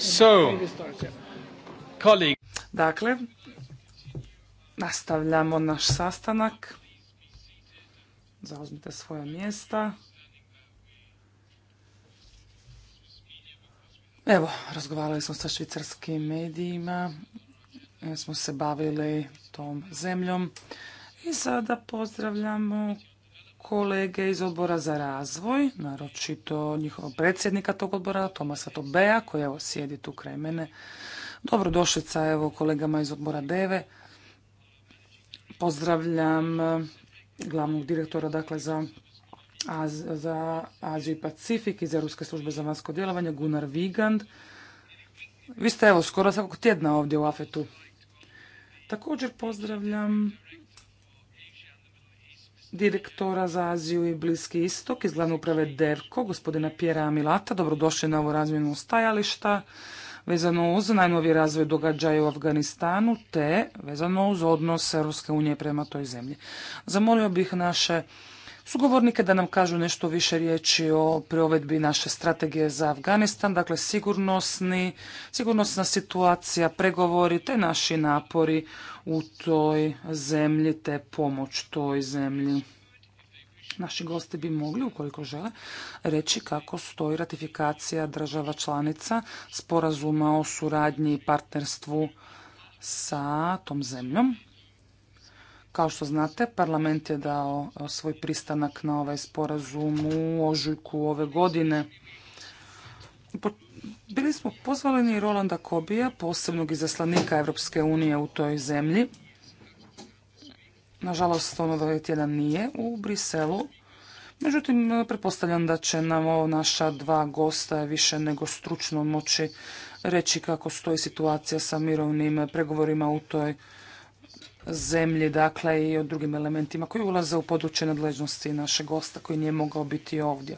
So, Dakle, nastavljamo naš sastanak. Zauzmite svoja mjesta. Evo, razgovarali smo sa švicarskim medijima, smo se bavili tom zemljom i sada pozdravljamo kolege iz odbora za razvoj, naročito njihovog predsjednika tog odbora, Tomasa Tobeja, koji evo sjedi tu kraj mene. Dobrodošlica evo kolegama iz odbora Deve. Pozdravljam eh, glavnog direktora dakle za za Aziju i Pacifik iz Europske službe za vanjsko djelovanje, Gunnar Vigand. Vi ste evo skoro svakog tjedna ovdje u Afetu. Također pozdravljam direktora za Aziju i Bliski istok iz glavne uprave DERKO, gospodina Pjera Amilata Dobrodošli na ovo razmjenu stajališta vezano uz najnoviji razvoj događaja u Afganistanu te vezano uz odnos Ruske unije prema toj zemlji. Zamolio bih naše sugovornike da nam kažu nešto više riječi o provedbi naše strategije za Afganistan, dakle sigurnosni, sigurnosna situacija, pregovori te naši napori u toj zemlji te pomoć toj zemlji. Naši gosti bi mogli, ukoliko žele, reći kako stoji ratifikacija država članica sporazuma o suradnji i partnerstvu sa tom zemljom. Kao što znate, parlament je dao svoj pristanak na ovaj sporazum u ožujku ove godine. Bili smo pozvali Rolanda Kobija, posebnog izaslanika Europske unije u toj zemlji. Nažalost, on ovaj tjedan nije u Briselu. Međutim, pretpostavljam da će nam ovo naša dva gosta više nego stručno moći reći kako stoji situacija sa mirovnim pregovorima u toj zemlji, dakle i o drugim elementima koji ulaze u područje nadležnosti našeg gosta koji nije mogao biti ovdje.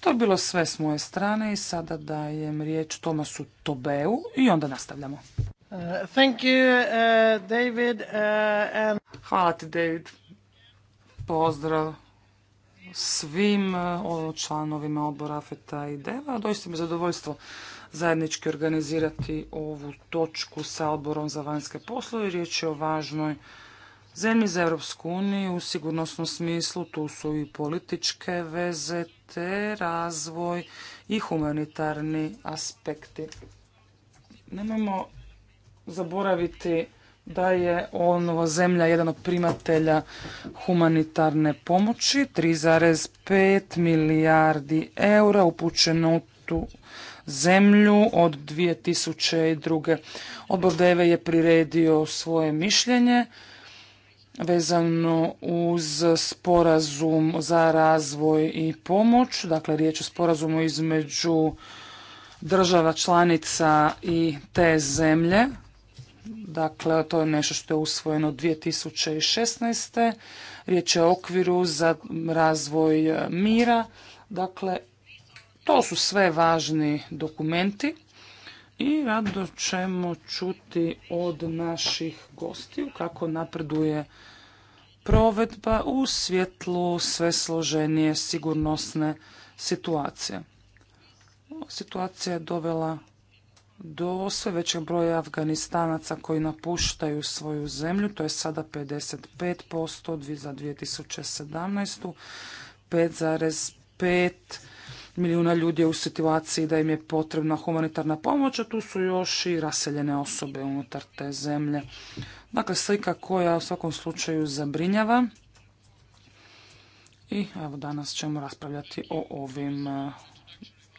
To je bilo sve s moje strane i sada dajem riječ Tomasu Tobeu i onda nastavljamo. Uh, uh, uh, Hvala ti, David. Pozdrav svim članovima odbora FETA i Deva. Doista mi zadovoljstvo zajednički organizirati ovu točku sa odborom za vanjske poslove. Riječ je o važnoj zemlji za Europsku uniju u sigurnosnom smislu. Tu su i političke veze te razvoj i humanitarni aspekti. Nemojmo zaboraviti da je ova zemlja jedan od primatelja humanitarne pomoći, 3,5 milijardi eura upućeno tu zemlju od 2002. Odbor Deve je priredio svoje mišljenje vezano uz sporazum za razvoj i pomoć, dakle riječ je o sporazumu između država članica i te zemlje. Dakle, to je nešto što je usvojeno 2016. Riječ je o okviru za razvoj mira. Dakle, to su sve važni dokumenti i rado ćemo čuti od naših gostiju kako napreduje provedba u svjetlu sve složenije sigurnosne situacije. Situacija je dovela do sve većeg broja Afganistanaca koji napuštaju svoju zemlju, to je sada 55% za 2017. 5,5 milijuna ljudi je u situaciji da im je potrebna humanitarna pomoć, a tu su još i raseljene osobe unutar te zemlje. Dakle, slika koja u svakom slučaju zabrinjava. I evo danas ćemo raspravljati o ovim e,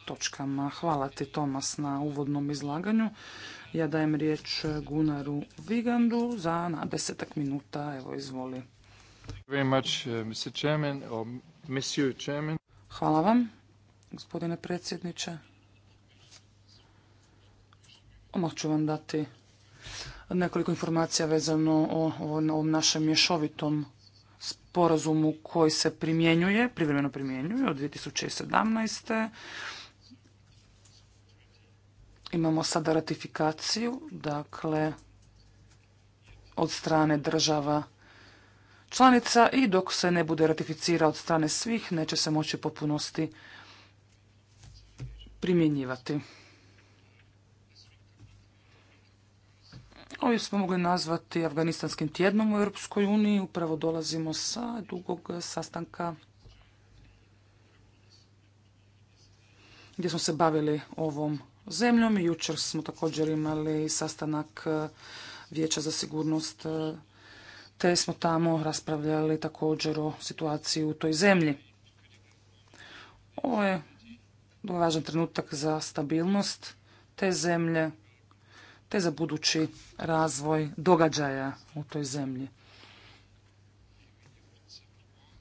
točkama. Hvala ti Tomas na uvodnom izlaganju. Ja dajem riječ Gunaru Vigandu za na desetak minuta. Evo, izvoli. Uh, Hvala vam gospodine predsjedniče. ću vam dati nekoliko informacija vezano o ovom našem mješovitom sporazumu koji se primjenjuje, privremeno primjenjuje od 2017. Imamo sada ratifikaciju, dakle, od strane država članica i dok se ne bude ratificira od strane svih, neće se moći potpunosti primjenjivati. Ovo smo mogli nazvati Afganistanskim tjednom u Europskoj uniji. Upravo dolazimo sa dugog sastanka gdje smo se bavili ovom zemljom. Jučer smo također imali sastanak Vijeća za sigurnost te smo tamo raspravljali također o situaciji u toj zemlji. Ovo je važan trenutak za stabilnost te zemlje, te za budući razvoj događaja u toj zemlji.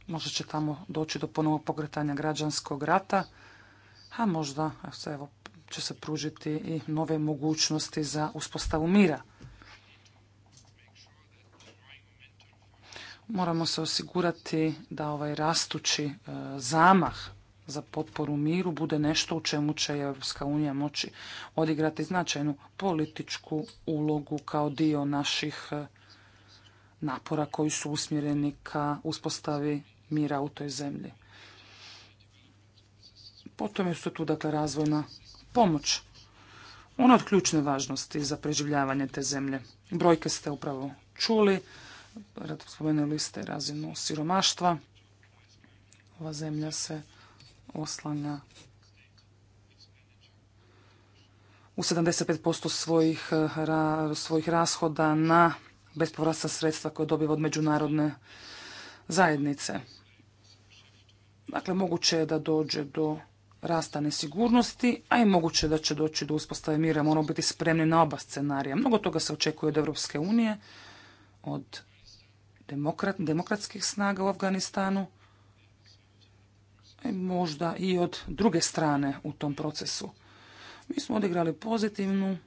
Možda će tamo doći do ponovo pokretanja građanskog rata, a možda evo, će se pružiti i nove mogućnosti za uspostavu mira. Moramo se osigurati da ovaj rastući e, zamah za potporu miru bude nešto u čemu će Europska unija moći odigrati značajnu političku ulogu kao dio naših e, napora koji su usmjereni ka uspostavi mira u toj zemlji. Potom je su tu dakle razvojna pomoć. Ona od ključne važnosti za preživljavanje te zemlje. Brojke ste upravo čuli, spomenuli ste razinu siromaštva. Ova zemlja se oslanja u 75% svojih, svojih rashoda na bespovratna sredstva koje dobiva od međunarodne zajednice. Dakle, moguće je da dođe do rasta nesigurnosti, a i moguće da će doći do uspostave mira. Moramo biti spremni na oba scenarija. Mnogo toga se očekuje od Europske unije, od demokratskih snaga u Afganistanu, možda i od druge strane u tom procesu. Mi smo odigrali pozitivnu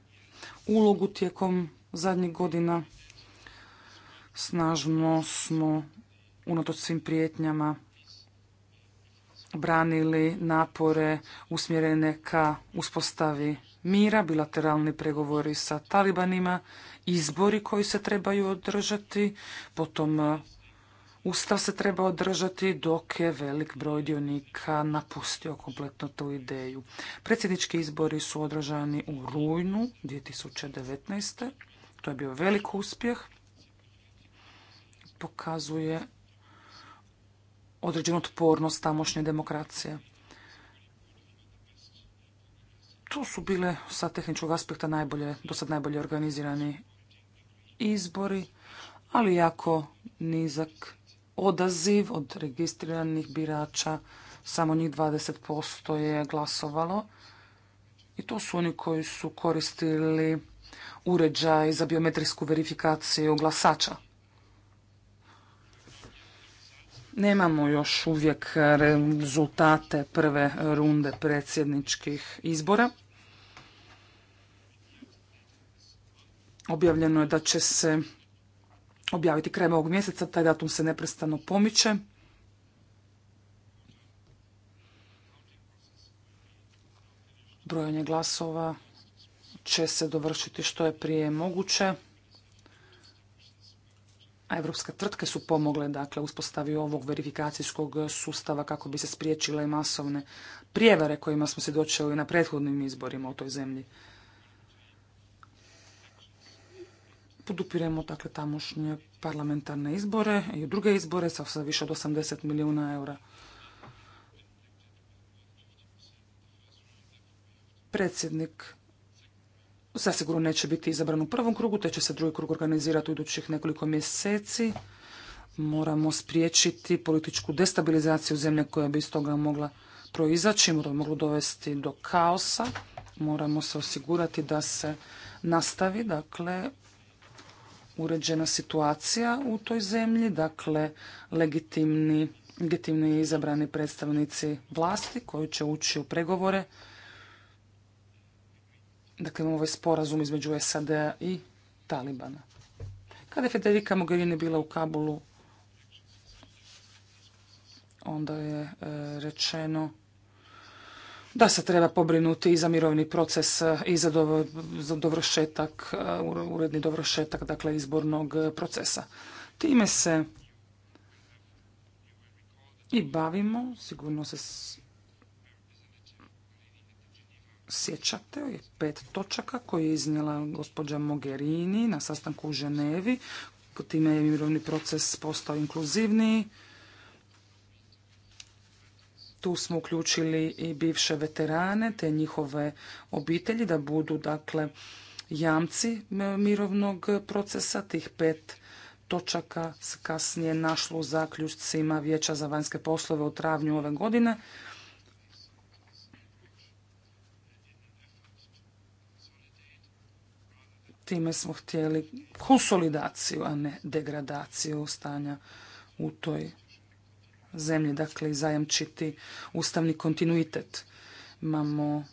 ulogu tijekom zadnjih godina. Snažno smo, unatoč svim prijetnjama, branili napore usmjerene ka uspostavi mira, bilateralni pregovori sa talibanima, izbori koji se trebaju održati, potom Ustav se treba održati dok je velik broj dionika napustio kompletno tu ideju. Predsjednički izbori su održani u rujnu 2019. To je bio velik uspjeh. Pokazuje određenu otpornost tamošnje demokracije. Tu su bile sa tehničkog aspekta najbolje, do sad najbolje organizirani izbori, ali jako nizak odaziv od registriranih birača, samo njih 20% je glasovalo. I to su oni koji su koristili uređaj za biometrijsku verifikaciju glasača. Nemamo još uvijek rezultate prve runde predsjedničkih izbora. Objavljeno je da će se objaviti krajem ovog mjeseca, taj datum se neprestano pomiče. Brojanje glasova će se dovršiti što je prije moguće. evropske tvrtke su pomogle dakle, uspostavi ovog verifikacijskog sustava kako bi se spriječile masovne prijevare kojima smo se dočeli na prethodnim izborima u toj zemlji. podupiremo dakle tamošnje parlamentarne izbore i druge izbore sa više od 80 milijuna eura. Predsjednik zasigurno neće biti izabran u prvom krugu, te će se drugi krug organizirati u idućih nekoliko mjeseci. Moramo spriječiti političku destabilizaciju zemlje koja bi iz toga mogla proizaći, moglo dovesti do kaosa. Moramo se osigurati da se nastavi, dakle, uređena situacija u toj zemlji, dakle legitimni, legitimni izabrani predstavnici vlasti koji će ući u pregovore. Dakle, imamo ovaj sporazum između SAD-a i Talibana. Kada je Federica Mogherini bila u Kabulu, onda je e, rečeno da se treba pobrinuti i za mirovni proces e, i za dovršetak, e, uredni dovršetak dakle izbornog e, procesa. Time se i bavimo, sigurno se sjećate, je pet točaka koje je iznijela gospođa Mogherini na sastanku u Ženevi. time je mirovni proces postao inkluzivniji, tu smo uključili i bivše veterane te njihove obitelji da budu dakle jamci mirovnog procesa tih pet točaka se kasnije našlo u zaključcima Vijeća za vanjske poslove u travnju ove godine. Time smo htjeli konsolidaciju, a ne degradaciju stanja u toj zemlje, dakle i zajamčiti ustavni kontinuitet. Imamo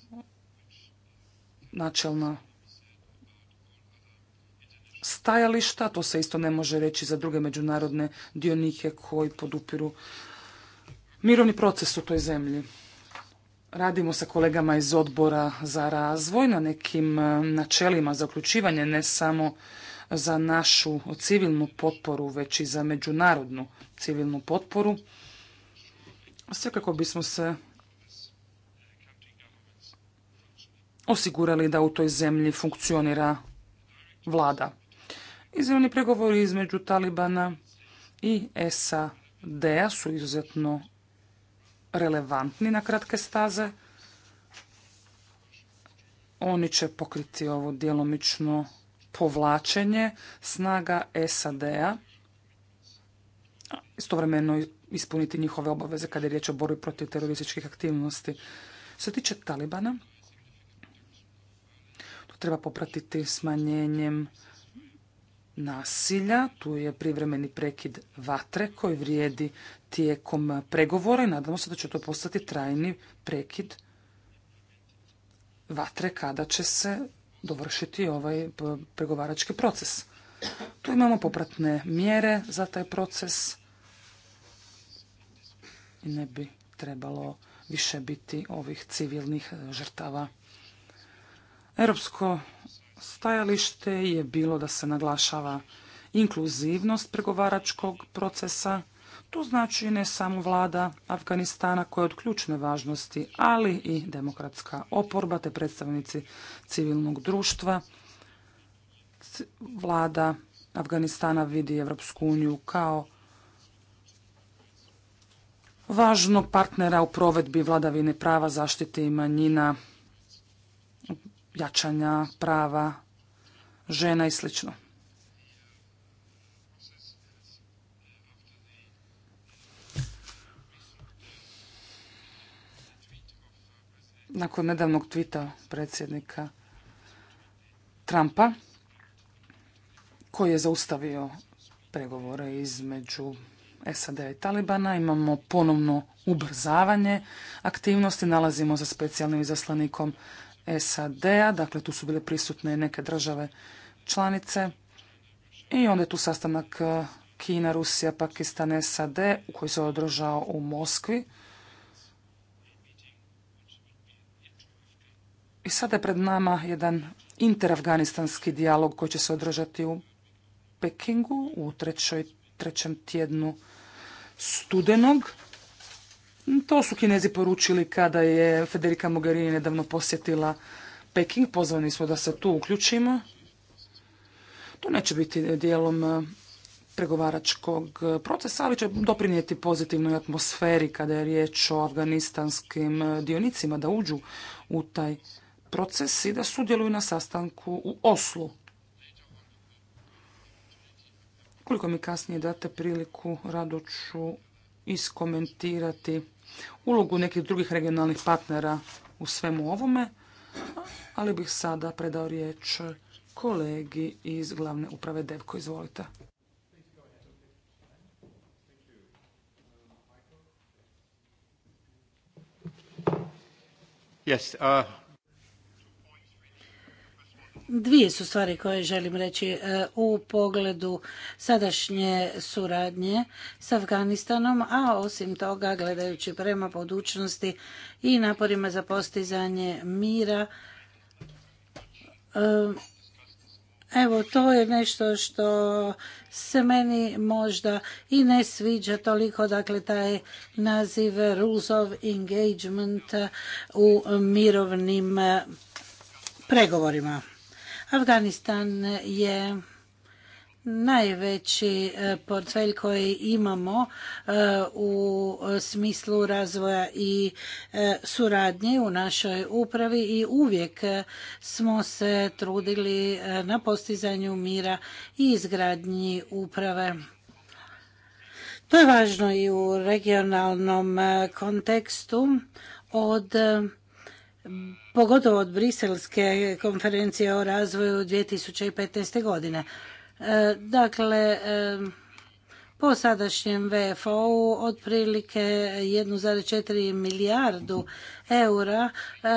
načelna stajališta, to se isto ne može reći za druge međunarodne dionike koji podupiru mirovni proces u toj zemlji. Radimo sa kolegama iz odbora za razvoj na nekim e, načelima za uključivanje ne samo za našu civilnu potporu, već i za međunarodnu civilnu potporu sve kako bismo se osigurali da u toj zemlji funkcionira vlada. Izravni pregovori između Talibana i SAD-a su izuzetno relevantni na kratke staze. Oni će pokriti ovo djelomično povlačenje snaga SAD-a, istovremeno i ispuniti njihove obaveze kada je riječ o borbi protiv terorističkih aktivnosti. Što se tiče Talibana, to treba popratiti smanjenjem nasilja. Tu je privremeni prekid vatre koji vrijedi tijekom pregovora i nadamo se da će to postati trajni prekid vatre kada će se dovršiti ovaj pregovarački proces. Tu imamo popratne mjere za taj proces ne bi trebalo više biti ovih civilnih e, žrtava. Europsko stajalište je bilo da se naglašava inkluzivnost pregovaračkog procesa. To znači ne samo vlada Afganistana koja je od ključne važnosti, ali i demokratska oporba te predstavnici civilnog društva. Vlada Afganistana vidi Europsku uniju kao važnog partnera u provedbi vladavine prava, zaštite i manjina, jačanja prava žena i sl. Nakon nedavnog tvita predsjednika Trumpa, koji je zaustavio pregovore između sad i Talibana, imamo ponovno ubrzavanje aktivnosti, nalazimo za specijalnim izaslanikom SAD-a, dakle tu su bile prisutne neke države članice i onda je tu sastanak e, Kina, Rusija, Pakistan, SAD koji se održao u Moskvi. I sada je pred nama jedan interafganistanski dijalog koji će se održati u Pekingu u trećem tjednu studenog. To su kinezi poručili kada je Federica Mogherini nedavno posjetila Peking. Pozvani smo da se tu uključimo. To neće biti dijelom e, pregovaračkog procesa, ali će doprinijeti pozitivnoj atmosferi kada je riječ o afganistanskim e, dionicima da uđu u taj proces i da sudjeluju na sastanku u Oslu. Koliko mi kasnije date priliku, rado ću iskomentirati ulogu nekih drugih regionalnih partnera u svemu ovome, ali bih sada predao riječ kolegi iz glavne uprave Devko. Izvolite. Uh, Dvije su stvari koje želim reći e, u pogledu sadašnje suradnje s Afganistanom, a osim toga gledajući prema budućnosti i naporima za postizanje mira. E, evo, to je nešto što se meni možda i ne sviđa toliko, dakle taj naziv Rules of Engagement u mirovnim e, pregovorima. Afganistan je najveći e, portfelj koji imamo e, u smislu razvoja i e, suradnje u našoj upravi i uvijek smo se trudili na postizanju mira i izgradnji uprave. To je važno i u regionalnom kontekstu od pogotovo od briselske konferencije o razvoju 2015. godine. E, dakle, e, po sadašnjem VFO-u otprilike 1,4 milijardu eura, e,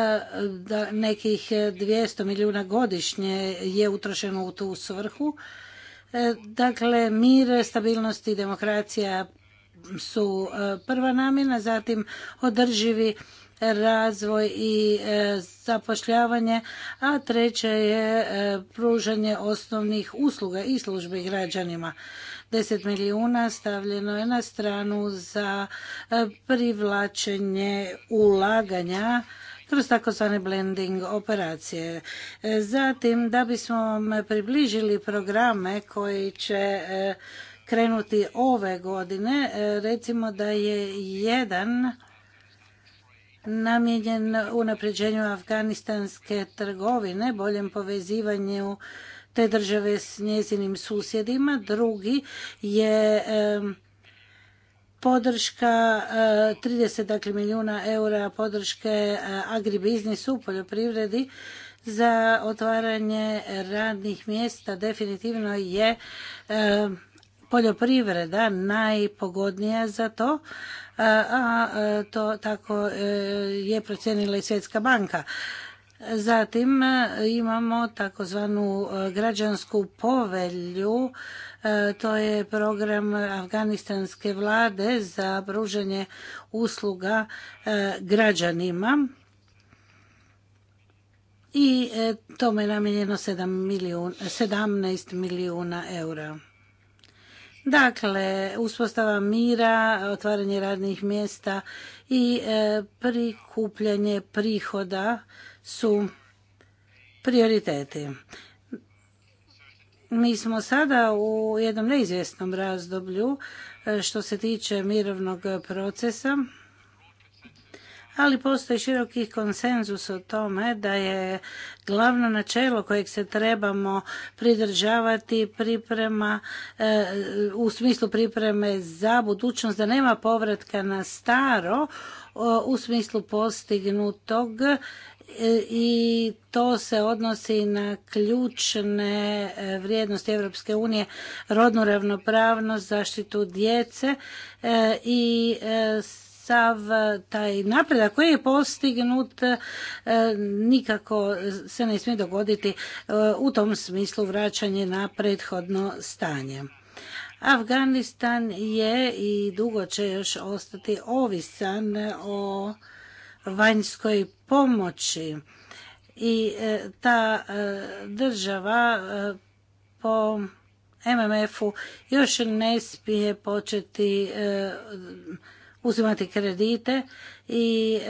nekih 200 milijuna godišnje je utrošeno u tu svrhu. Dakle, mir, stabilnost i demokracija su prva namjena, zatim održivi razvoj i e, zapošljavanje, a treće je e, pružanje osnovnih usluga i službi građanima. Deset milijuna stavljeno je na stranu za e, privlačenje ulaganja kroz takozvane blending operacije. Zatim, da bismo vam približili programe koji će krenuti ove godine, recimo da je jedan namijenjen unapređenju afganistanske trgovine, boljem povezivanju te države s njezinim susjedima. Drugi je podrška 30 eh, dakle, milijuna eura podrške eh, agribiznisu u poljoprivredi za otvaranje radnih mjesta definitivno je poljoprivreda najpogodnija za to, a to tako e, je procijenila i Svjetska banka. Zatim e, imamo takozvanu e, građansku povelju, to je program afganistanske vlade za pružanje usluga građanima i tome je namijenjeno 17 milijuna eura. Dakle, uspostava mira, otvaranje radnih mjesta i e, prikupljanje prihoda su prioriteti. Mi smo sada u jednom neizvjesnom razdoblju e, što se tiče mirovnog procesa ali postoji široki konsenzus o tome da je glavno načelo kojeg se trebamo pridržavati priprema e, u smislu pripreme za budućnost da nema povratka na staro u smislu postignutog e, i to se odnosi na ključne e, vrijednosti Europske unije, rodnu ravnopravnost, zaštitu djece i sav e, taj napredak koji je postignut e, nikako se ne smije dogoditi e, u tom smislu vraćanje na prethodno stanje. Afganistan je i dugo će još ostati ovisan o vanjskoj pomoći i ta država po MMF-u još ne smije početi uzimati kredite i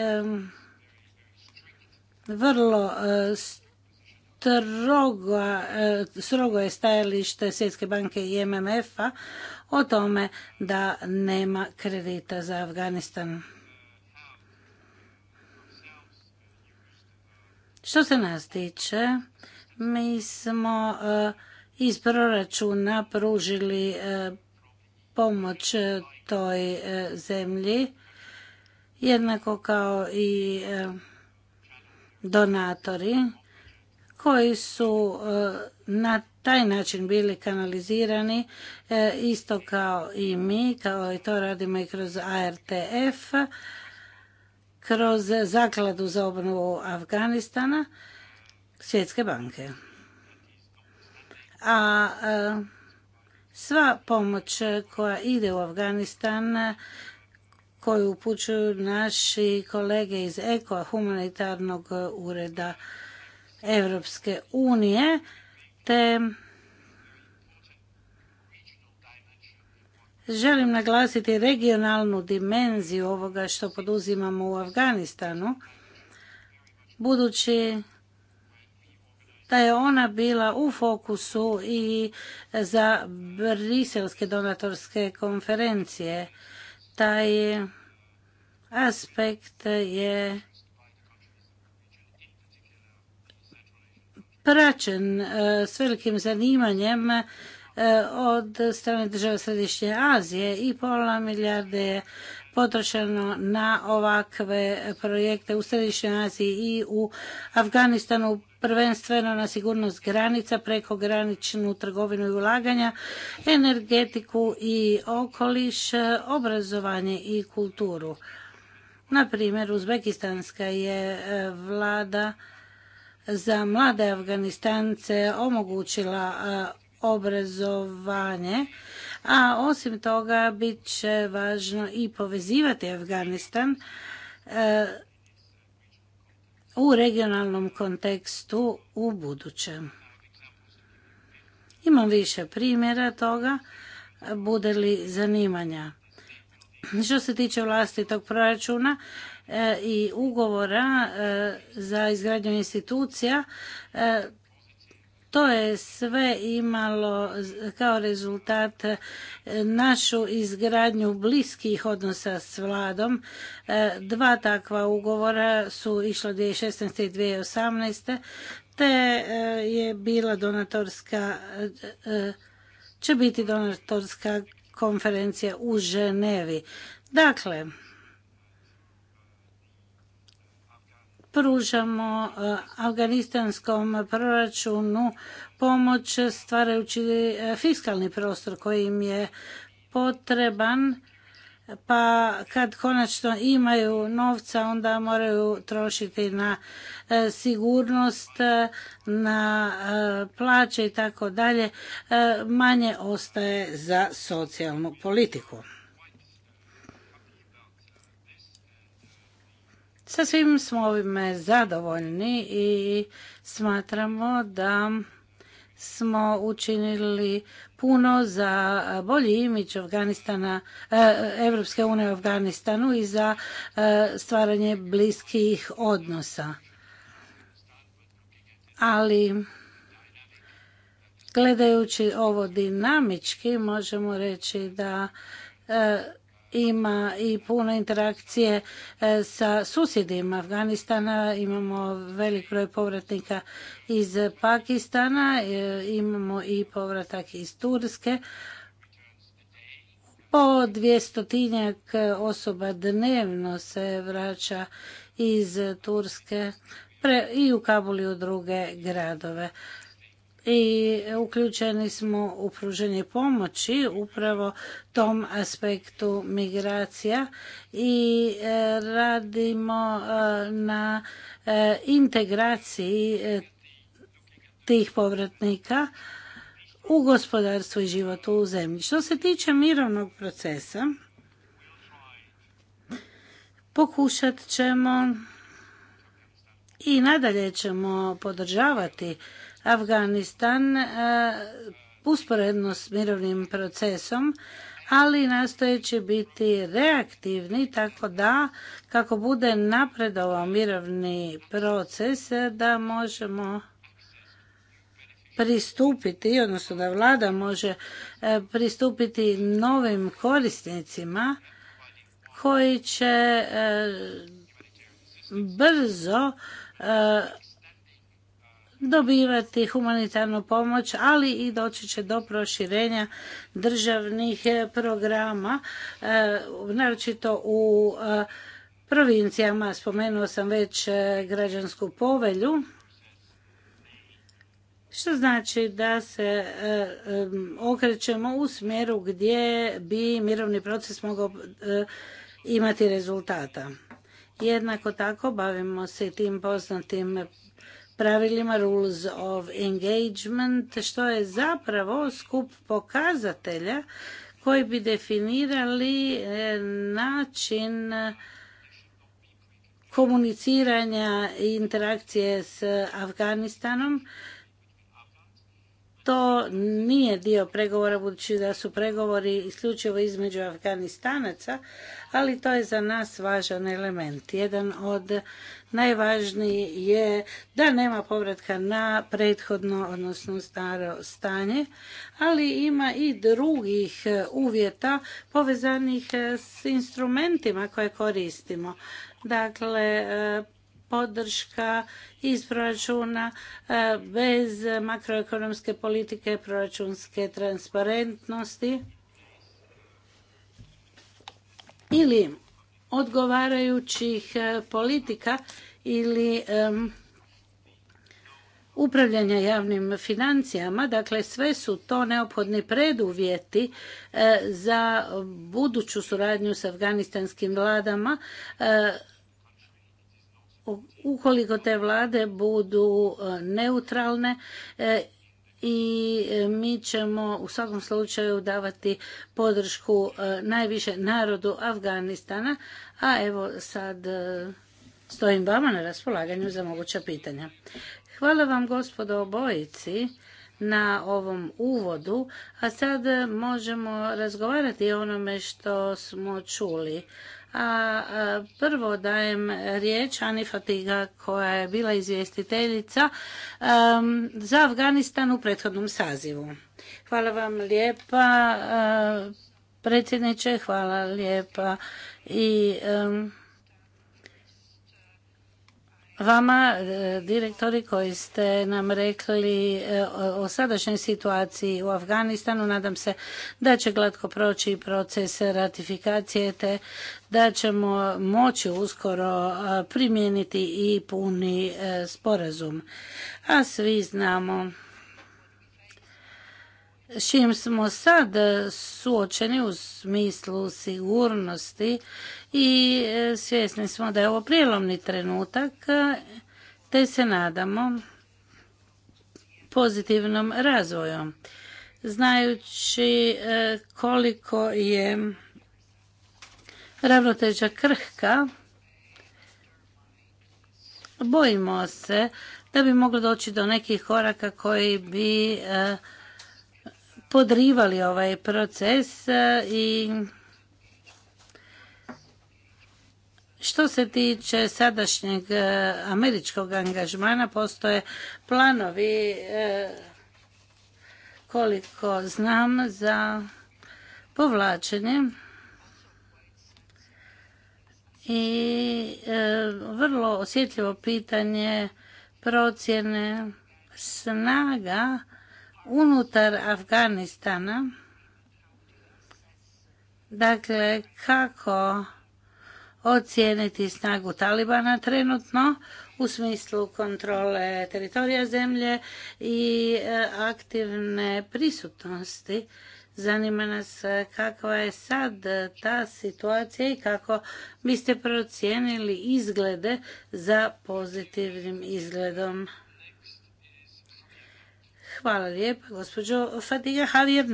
vrlo eh, eh, strogo je stajalište Svjetske banke i MMF-a o tome da nema kredita za Afganistan. Što se nas tiče, mi smo eh, iz proračuna pružili pomoć e, toj e, zemlji, jednako kao i e, donatori koji su na taj način bili kanalizirani isto kao i mi, kao i to radimo i kroz ARTF, kroz Zakladu za obnovu Afganistana Svjetske banke. A Sva pomoć koja ide u Afganistan koju upućuju naši kolege iz EKO humanitarnog ureda Europske unije te Želim naglasiti regionalnu dimenziju ovoga što poduzimamo u Afganistanu, budući da je ona bila u fokusu i za briselske donatorske konferencije. Taj aspekt je praćen e, s velikim zanimanjem e, od strane države Središnje Azije i pola milijarde potrošeno na ovakve projekte u Središnjoj Aziji i u Afganistanu prvenstveno na sigurnost granica, prekograničnu trgovinu i ulaganja, energetiku i okoliš, obrazovanje i kulturu. Na primjer, uzbekistanska je e, vlada za mlade Afganistance omogućila e, obrazovanje a osim toga bit će važno i povezivati Afganistan e, u regionalnom kontekstu u budućem. Imam više primjera toga, bude li zanimanja. Što se tiče vlastitog proračuna e, i ugovora e, za izgradnju institucija, to je sve imalo kao rezultat e, našu izgradnju bliskih odnosa s vladom. E, dva takva ugovora su išla 2016. i 2018. Te e, je bila donatorska će biti donatorska konferencija u Ženevi. Dakle, pružamo e, afganistanskom proračunu pomoć stvarajući e, fiskalni prostor koji im je potreban pa kad konačno imaju novca onda moraju trošiti na e, sigurnost, na plaće i tako dalje, manje ostaje za socijalnu politiku. Sa svim smo ovime zadovoljni i smatramo da smo učinili puno za bolji imidž Afganistana, e, Evropske unije u Afganistanu i za e, stvaranje bliskih odnosa. Ali gledajući ovo dinamički možemo reći da e, ima i puno interakcije e, sa susjedima Afganistana. Imamo velik broj povratnika iz Pakistana, e, imamo i povratak iz Turske. Po dvijestotinjak osoba dnevno se vraća iz Turske i u Kabul u druge gradove i uključeni smo u pružanje pomoći upravo tom aspektu migracija i e, radimo e, na e, integraciji tih povratnika u gospodarstvo i životu u zemlji. Što se tiče mirovnog procesa, pokušat ćemo i nadalje ćemo podržavati Afganistan e, usporedno s mirovnim procesom, ali nastojeći biti reaktivni tako da kako bude napredovao mirovni proces da možemo pristupiti, odnosno da vlada može e, pristupiti novim korisnicima koji će e, brzo dobivati humanitarnu pomoć, ali i doći će do proširenja državnih eh, programa, eh, naročito u eh, provincijama. Spomenuo sam već građansku povelju, što znači da se okrećemo u smjeru gdje bi mirovni proces mogao imati rezultata. Jednako tako bavimo se tim poznatim pravilima Rules of Engagement, što je zapravo skup pokazatelja koji bi definirali e, način komuniciranja i interakcije s Afganistanom. To nije dio pregovora, budući da su pregovori isključivo između Afganistanaca, ali to je za nas važan element. Jedan od najvažniji je da nema povratka na prethodno, odnosno staro stanje, ali ima i drugih uvjeta povezanih s instrumentima koje koristimo. Dakle, podrška iz proračuna e, bez makroekonomske politike, proračunske transparentnosti ili odgovarajućih e, politika ili upravljanja javnim financijama. Dakle, sve su to neophodni preduvjeti e, za buduću suradnju s afganistanskim vladama. E, ukoliko te vlade budu neutralne i e, mi ćemo u svakom slučaju davati podršku e, najviše narodu Afganistana, a evo sad e, stojim vama na raspolaganju za moguća pitanja. Hvala vam gospodo obojici na ovom uvodu, a sad možemo razgovarati o onome što smo čuli. A prvo dajem riječ Ani Fatiga koja je bila izvjestiteljica um, za Afganistan u prethodnom sazivu. Hvala vam lijepa predsjedniče, hvala lijepa i um, vama, e, direktori, koji ste nam rekli e, o sadašnjoj situaciji u Afganistanu. Nadam se da će glatko proći proces ratifikacije te da ćemo moći uskoro e, primijeniti i puni sporazum. A svi znamo s čim smo sad suočeni u smislu sigurnosti i e, svjesni smo da je ovo prijelomni trenutak e, te se nadamo pozitivnom razvoju. Znajući e, koliko je ravnoteža krhka, bojimo se da bi moglo doći do nekih koraka koji bi podrivali ovaj proces e, i Što se tiče sadašnjeg e, američkog angažmana, postoje planovi, e, koliko znam, za povlačenje i vrlo osjetljivo pitanje procjene snaga unutar Afganistana. Dakle, kako ocijeniti snagu Talibana trenutno u smislu kontrole teritorija zemlje i e, aktivne prisutnosti. Zanima nas e, kakva je sad ta situacija i kako biste procijenili izglede za pozitivnim izgledom. Hvala lijepa, gospođo Fadiga Javier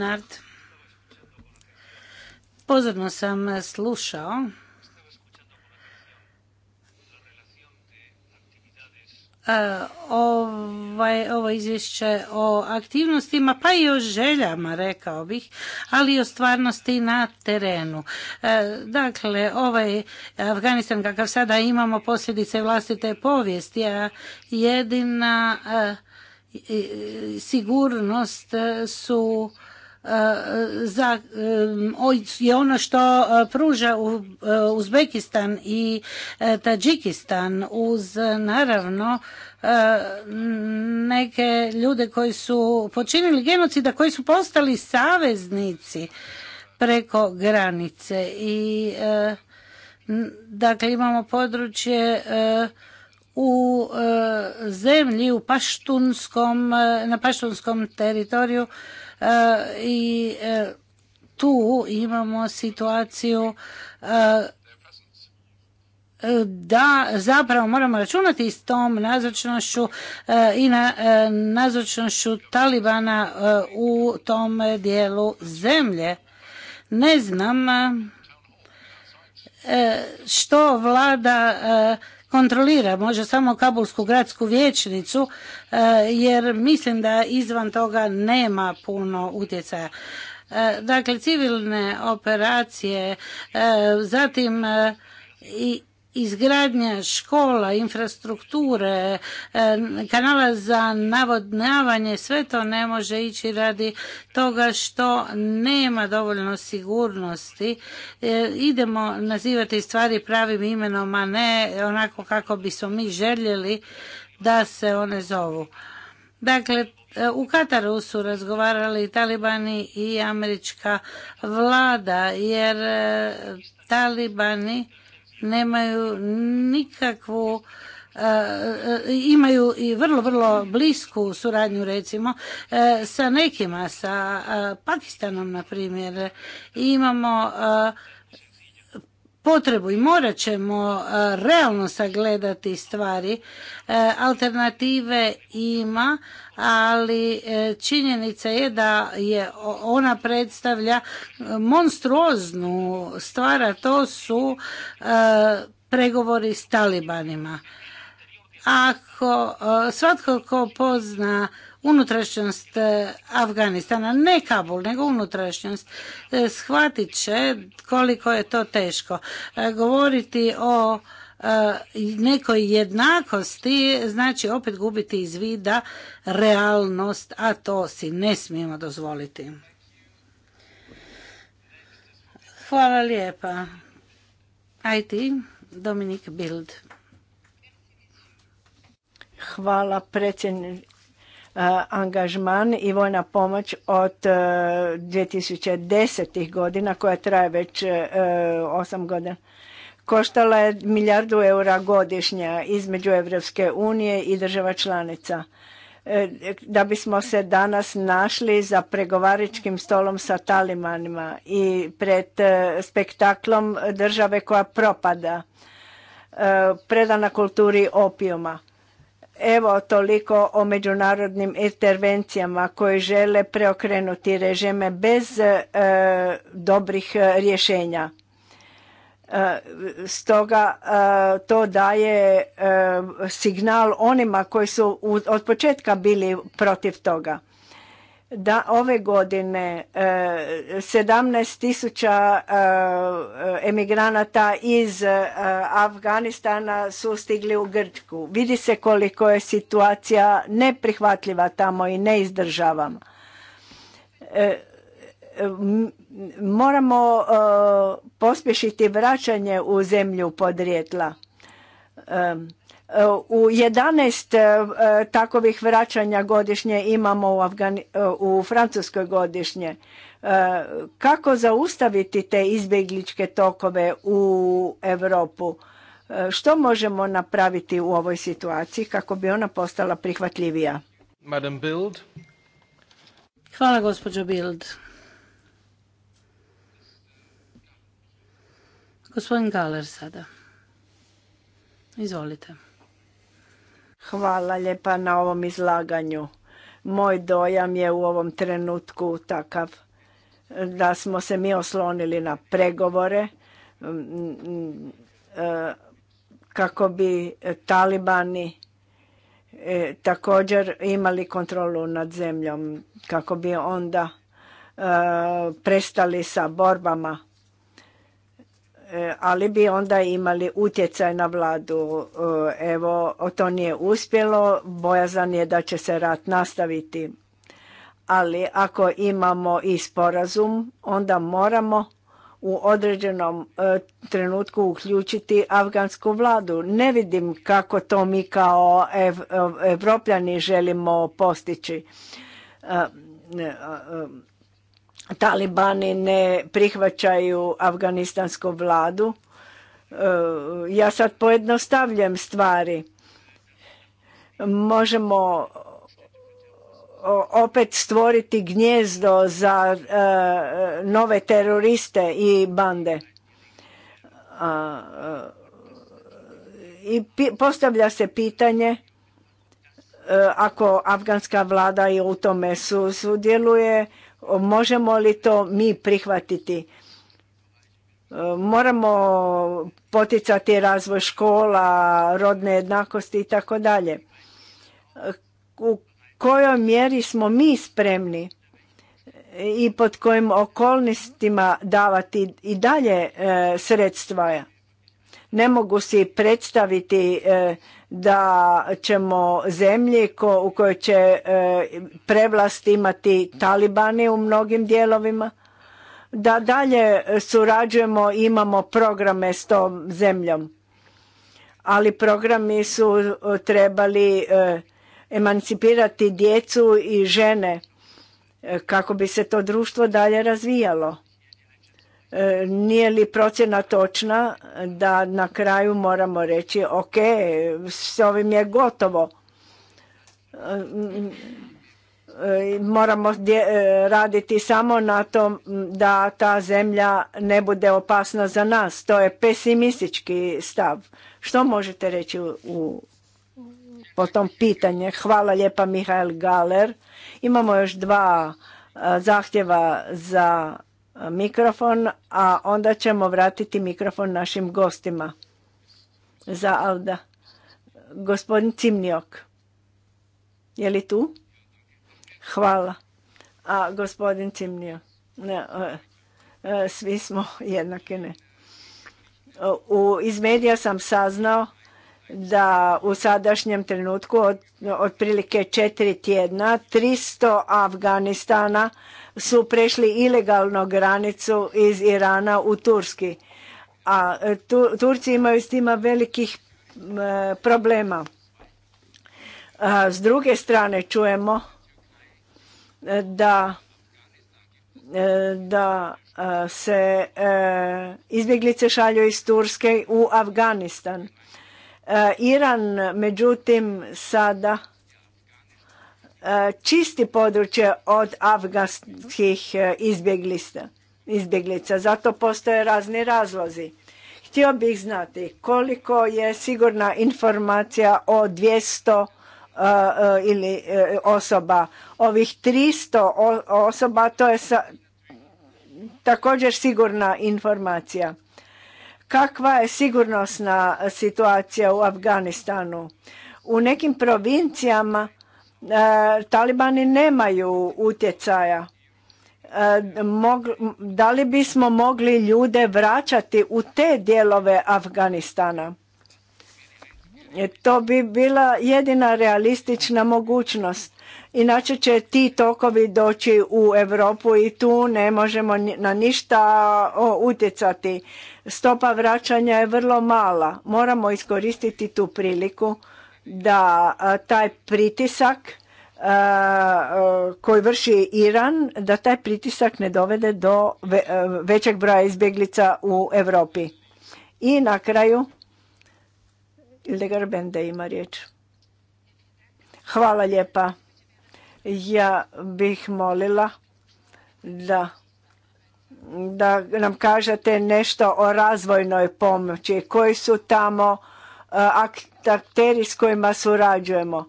Pozorno sam slušao ovaj, ovo izvješće o aktivnostima, pa i o željama, rekao bih, ali i o stvarnosti na terenu. Dakle, ovaj Afganistan kakav sada imamo posljedice vlastite povijesti, a jedina sigurnost e, su e, za, e, je ono što pruža Uzbekistan i Tadžikistan uz naravno neke ljude koji su počinili genocida, koji su postali saveznici preko granice i dakle imamo područje u e, zemlji, u paštunskom, e, na paštunskom teritoriju e, i tu imamo situaciju da zapravo moramo računati s tom nazočnošću i na nazočnošću Talibana u tom dijelu zemlje. Ne znam što vlada kontrolira, može samo Kabulsku gradsku vijećnicu e, jer mislim da izvan toga nema puno utjecaja. E, dakle, civilne operacije, e, zatim i izgradnja škola, infrastrukture, e, kanala za navodnjavanje, sve to ne može ići radi toga što nema dovoljno sigurnosti. E, idemo nazivati stvari pravim imenom, a ne onako kako bismo mi željeli da se one zovu. Dakle, e, u Kataru su razgovarali talibani i američka vlada, jer talibani nemaju nikakvu e, e, imaju i vrlo, vrlo blisku suradnju recimo e, sa nekima, sa Pakistanom na primjer. Imamo potrebu i morat ćemo e, realno sagledati stvari. E, alternative ima, ali e, činjenica je da je ona predstavlja monstruoznu stvar, a to su pregovori s talibanima. Ako svatko ko pozna unutrašnjost e, Afganistana, ne Kabul, nego unutrašnjost, e, shvatit će koliko je to teško. E, govoriti o nekoj jednakosti znači opet gubiti iz vida realnost, a to si ne smijemo dozvoliti. Hvala lijepa. IT, Dominik Bild. Hvala predsjedniče angažman i vojna pomoć od 2010. E, godina koja traje već 8 e, godina. Koštala je milijardu eura godišnja između Evropske unije i država članica. E, da bismo se danas našli za pregovaričkim stolom sa talimanima i pred spektaklom države koja propada predana kulturi opijuma Evo toliko o međunarodnim intervencijama koje žele preokrenuti režime bez e, dobrih e, rješenja. E, stoga to daje signal onima koji su u, od početka bili protiv toga da ove godine e, sedamnaest tisuća e, emigranata iz e, Afganistana su stigli u Grčku. Vidi se koliko je situacija neprihvatljiva tamo i ne izdržavam Moramo pospješiti vraćanje u zemlju podrijetla. U 11 e, takovih vraćanja godišnje imamo u, e, Francuskoj godišnje. E, kako zaustaviti te izbjegličke tokove u Europu? Što možemo napraviti u ovoj situaciji kako bi ona postala prihvatljivija? Madam Bild. Hvala gospođo Bild. Gospodin Galer sada. Izvolite. Hvala lijepa na ovom izlaganju. Moj dojam je u ovom trenutku takav da smo se mi oslonili na pregovore e, kako bi talibani e, također imali kontrolu nad zemljom, kako bi onda e, prestali sa borbama E, ali bi onda imali utjecaj na vladu. E, evo, to nije uspjelo, bojazan je da će se rat nastaviti. Ali ako imamo i sporazum, onda moramo u određenom e, trenutku uključiti afgansku vladu. Ne vidim kako to mi kao evropljani želimo postići talibani ne prihvaćaju afganistansku vladu. E, ja sad pojednostavljam stvari. Možemo opet stvoriti gnjezdo za e, nove teroriste i bande. E, I postavlja se pitanje ako afganska vlada i u tome sudjeluje, Možemo li to mi prihvatiti? E, moramo poticati razvoj škola, rodne jednakosti i tako dalje. U kojoj mjeri smo mi spremni i pod kojim okolnostima davati i dalje e, sredstva? Ne mogu si predstaviti e, da ćemo zemlji ko, u kojoj će e, prevlast imati talibani u mnogim dijelovima, da dalje surađujemo i imamo programe s tom zemljom. Ali programi su e, trebali e, emancipirati djecu i žene e, kako bi se to društvo dalje razvijalo. E, nije li procjena točna da na kraju moramo reći ok, s ovim je gotovo. E, e, moramo raditi samo na tom da ta zemlja ne bude opasna za nas. To je pesimistički stav. Što možete reći u po tom pitanje. Hvala lijepa Mihael Galer. Imamo još dva zahtjeva za mikrofon, a onda ćemo vratiti mikrofon našim gostima. Za Alda. Gospodin Cimniok. Je li tu? Hvala. A gospodin Cimniok. E, e, svi smo jednake, ne. U, iz medija sam saznao da u sadašnjem trenutku od otprilike četiri tjedna 300 Afganistana su prešli ilegalno granicu iz Irana u Turski. A e, Turci imaju s tima velikih e, problema. s druge strane čujemo e, da da se izbjeglice šalju iz Turske u Afganistan. E, Iran međutim sada e, čisti područje od afganskih e, izbjeglica. Zato postoje razni razlozi. Htio bih znati koliko je sigurna informacija o 200 ili osoba. Ovih 300 osoba to je također sigurna informacija kakva je sigurnosna situacija u Afganistanu. U nekim provincijama e, talibani nemaju utjecaja. E, da li bismo mogli ljude vraćati u te dijelove Afganistana? E, to bi bila jedina realistična mogućnost. Inače će ti tokovi doći u Europu i tu ne možemo na ništa utjecati. Stopa vraćanja je vrlo mala. Moramo iskoristiti tu priliku da taj pritisak koji vrši Iran, da taj pritisak ne dovede do većeg broja izbjeglica u Europi. I na kraju da ima riječ. Hvala lijepa. Ja bih molila da, da nam kažete nešto o razvojnoj pomoći. Koji su tamo e, akteri s kojima surađujemo?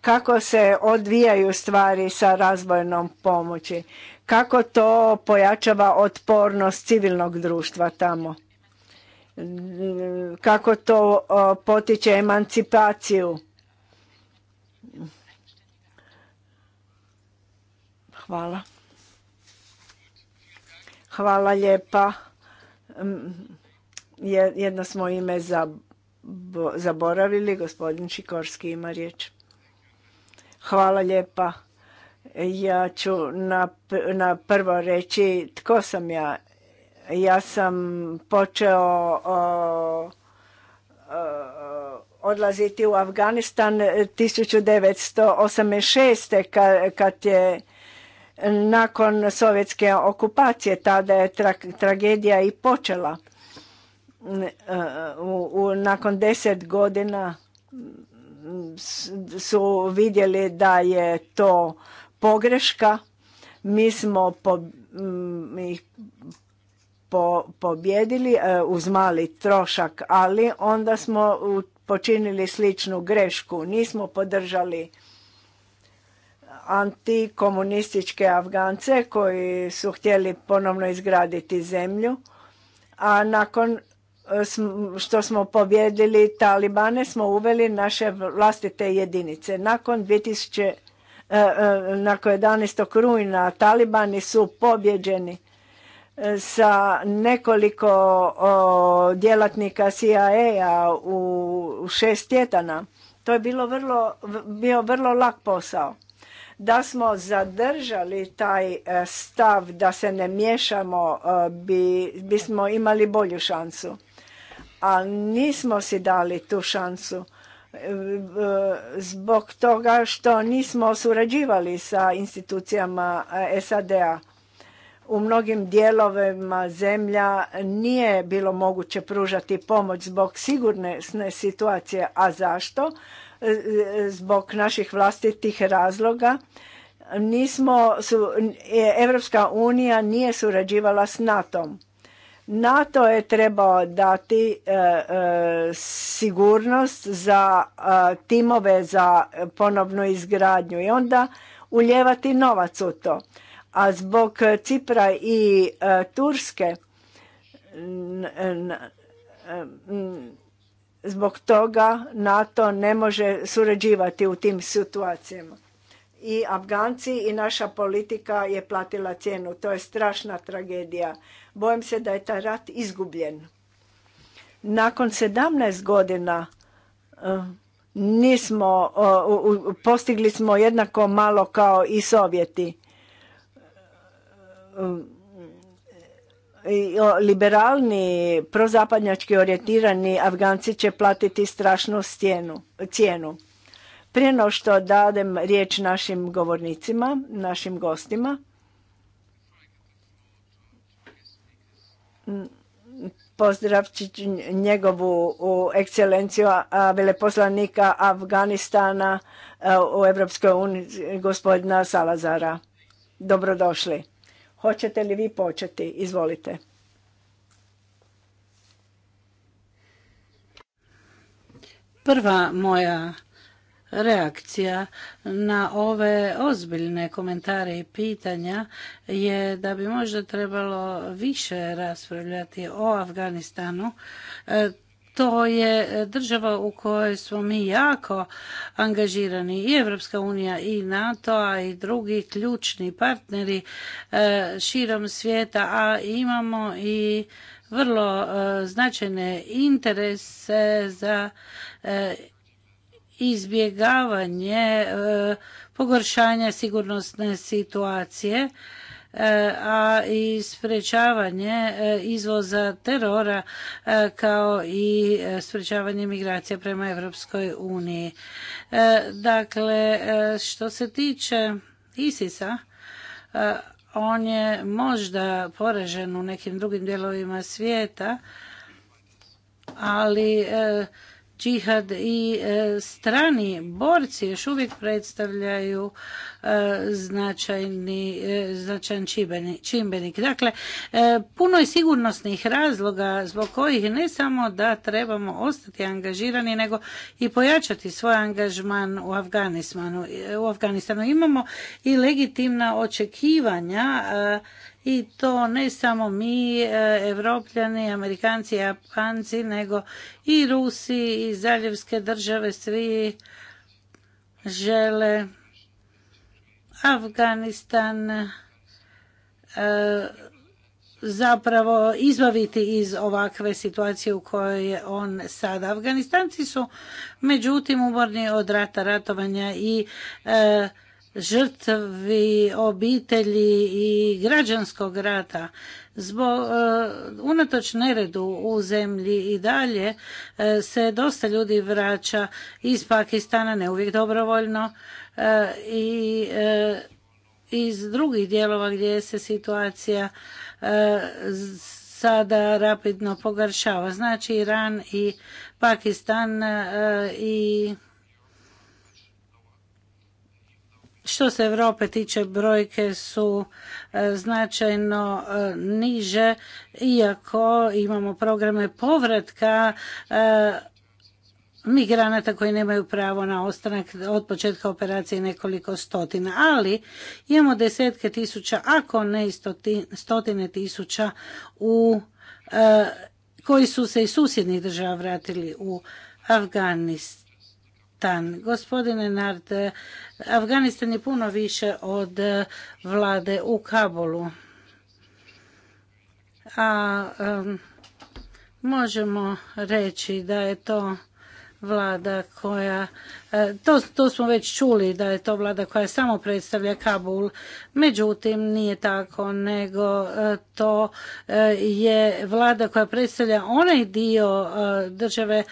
Kako se odvijaju stvari sa razvojnom pomoći? Kako to pojačava otpornost civilnog društva tamo? Mm, kako to potiče emancipaciju. Hvala. Hvala lijepa. Mm, jedno smo ime zaboravili. Gospodin Šikorski ima riječ. Hvala lijepa. Ja ću na prvo reći tko sam ja ja sam počeo odlaziti u Afganistan 1986. E, kad je nakon sovjetske okupacije, tada je tragedija i počela. E, nakon deset godina mm, su vidjeli da je to pogreška. Mi smo po, mm, ih po, pobjedili e, uz mali trošak, ali onda smo počinili sličnu grešku. Nismo podržali antikomunističke Afgance koji su htjeli ponovno izgraditi zemlju, a nakon e, što smo pobjedili Talibane smo uveli naše vlastite jedinice. Nakon 2000 e, nakon 11. rujna Talibani su pobjeđeni sa nekoliko djelatnika CIA u, u šest tjedana. To je bilo vrlo, bio vrlo lak posao. Da smo zadržali taj e, stav da se ne miješamo, e, bi, bismo imali bolju šansu. Ali nismo si dali tu šansu e, zbog toga što nismo surađivali sa institucijama SAD-a u mnogim dijelovima zemlja nije bilo moguće pružati pomoć zbog sigurne situacije. A zašto? E, zbog naših vlastitih razloga. Nismo, su, e, Evropska unija nije surađivala s NATO-om. NATO je trebao dati e, sigurnost za timove za ponovnu izgradnju i onda uljevati novac u to a zbog Cipra i e, Turske e, zbog toga NATO ne može surađivati u tim situacijama. I Afganci i naša politika je platila cijenu. To je strašna tragedija. Bojim se da je taj rat izgubljen. Nakon 17 godina e, nismo, postigli smo jednako malo kao i Sovjeti liberalni, prozapadnjački orijentirani Afganci će platiti strašnu cijenu. Prije no što dadem riječ našim govornicima, našim gostima, Pozdrav njegovu ekscelenciju veleposlanika Afganistana e, u Europskoj uniji, gospodina Salazara. Dobrodošli. Hoćete li vi početi? Izvolite. Prva moja reakcija na ove ozbiljne komentare i pitanja je da bi možda trebalo više raspravljati o Afganistanu. E, to je e, država u kojoj smo mi jako angažirani i Evropska unija i NATO a i drugi ključni partneri e, širom svijeta a imamo i vrlo e, značajne interese za izbjegavanje pogoršanja sigurnosne situacije E, a i sprečavanje e, izvoza terora e, kao i sprečavanje migracija prema Europskoj uniji. Dakle, što se tiče Isisa, on je možda poražen u nekim drugim dijelovima svijeta, ali džihad i e, strani borci još uvijek predstavljaju e, značajni, e, značajan čimbenik. Dakle, puno je sigurnosnih razloga zbog kojih ne samo da trebamo ostati angažirani, nego i pojačati svoj angažman u Afganistanu. U Afganistanu imamo i legitimna očekivanja i to ne samo mi, e, evropljani, amerikanci i nego i Rusi i zaljevske države, svi žele Afganistan e, zapravo izbaviti iz ovakve situacije u kojoj je on sada. Afganistanci su međutim umorni od rata, ratovanja i e, žrtvi obitelji i građanskog rata zbog e, unatoč neredu u zemlji i dalje e, se dosta ljudi vraća iz Pakistana ne uvijek dobrovoljno e, i iz drugih dijelova gdje se situacija sada rapidno pogoršava znači Iran i Pakistan i Što se Europe tiče, brojke su e, značajno e, niže, iako imamo programe povratka e, migranata koji nemaju pravo na ostanak od početka operacije nekoliko stotina, ali imamo desetke tisuća, ako ne i stotine tisuća u, koji su se iz susjednih država vratili u Afganistan. Gospodine Nard, Afganistan je puno više od vlade u Kabulu. A možemo reći da je to vlada koja, e, to, to smo već čuli da je to vlada koja samo predstavlja Kabul, međutim nije tako, nego e, to e, je vlada koja predstavlja onaj dio države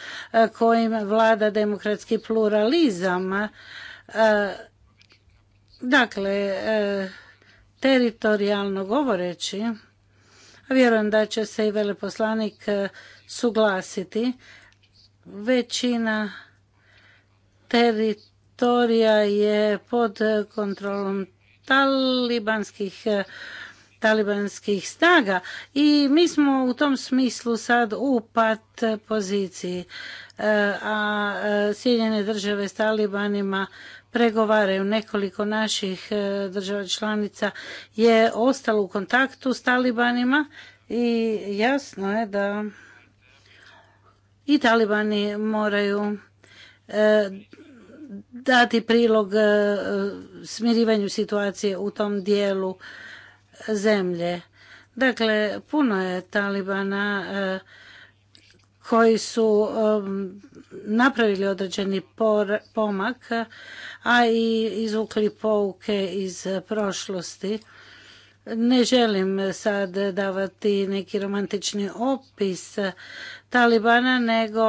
kojim vlada demokratski pluralizam. Dakle, teritorijalno govoreći, vjerujem da će se i veleposlanik suglasiti većina teritorija je pod kontrolom talibanskih talibanskih snaga i mi smo u tom smislu sad u pat poziciji e, a e, Sjedinjene države s talibanima pregovaraju nekoliko naših e, država članica je ostalo u kontaktu s talibanima i jasno je da i talibani moraju e, dati prilog e, smirivanju situacije u tom dijelu zemlje. Dakle, puno je talibana e, koji su napravili određeni pomak, a i izvukli pouke iz prošlosti ne želim sad davati neki romantični opis Talibana, nego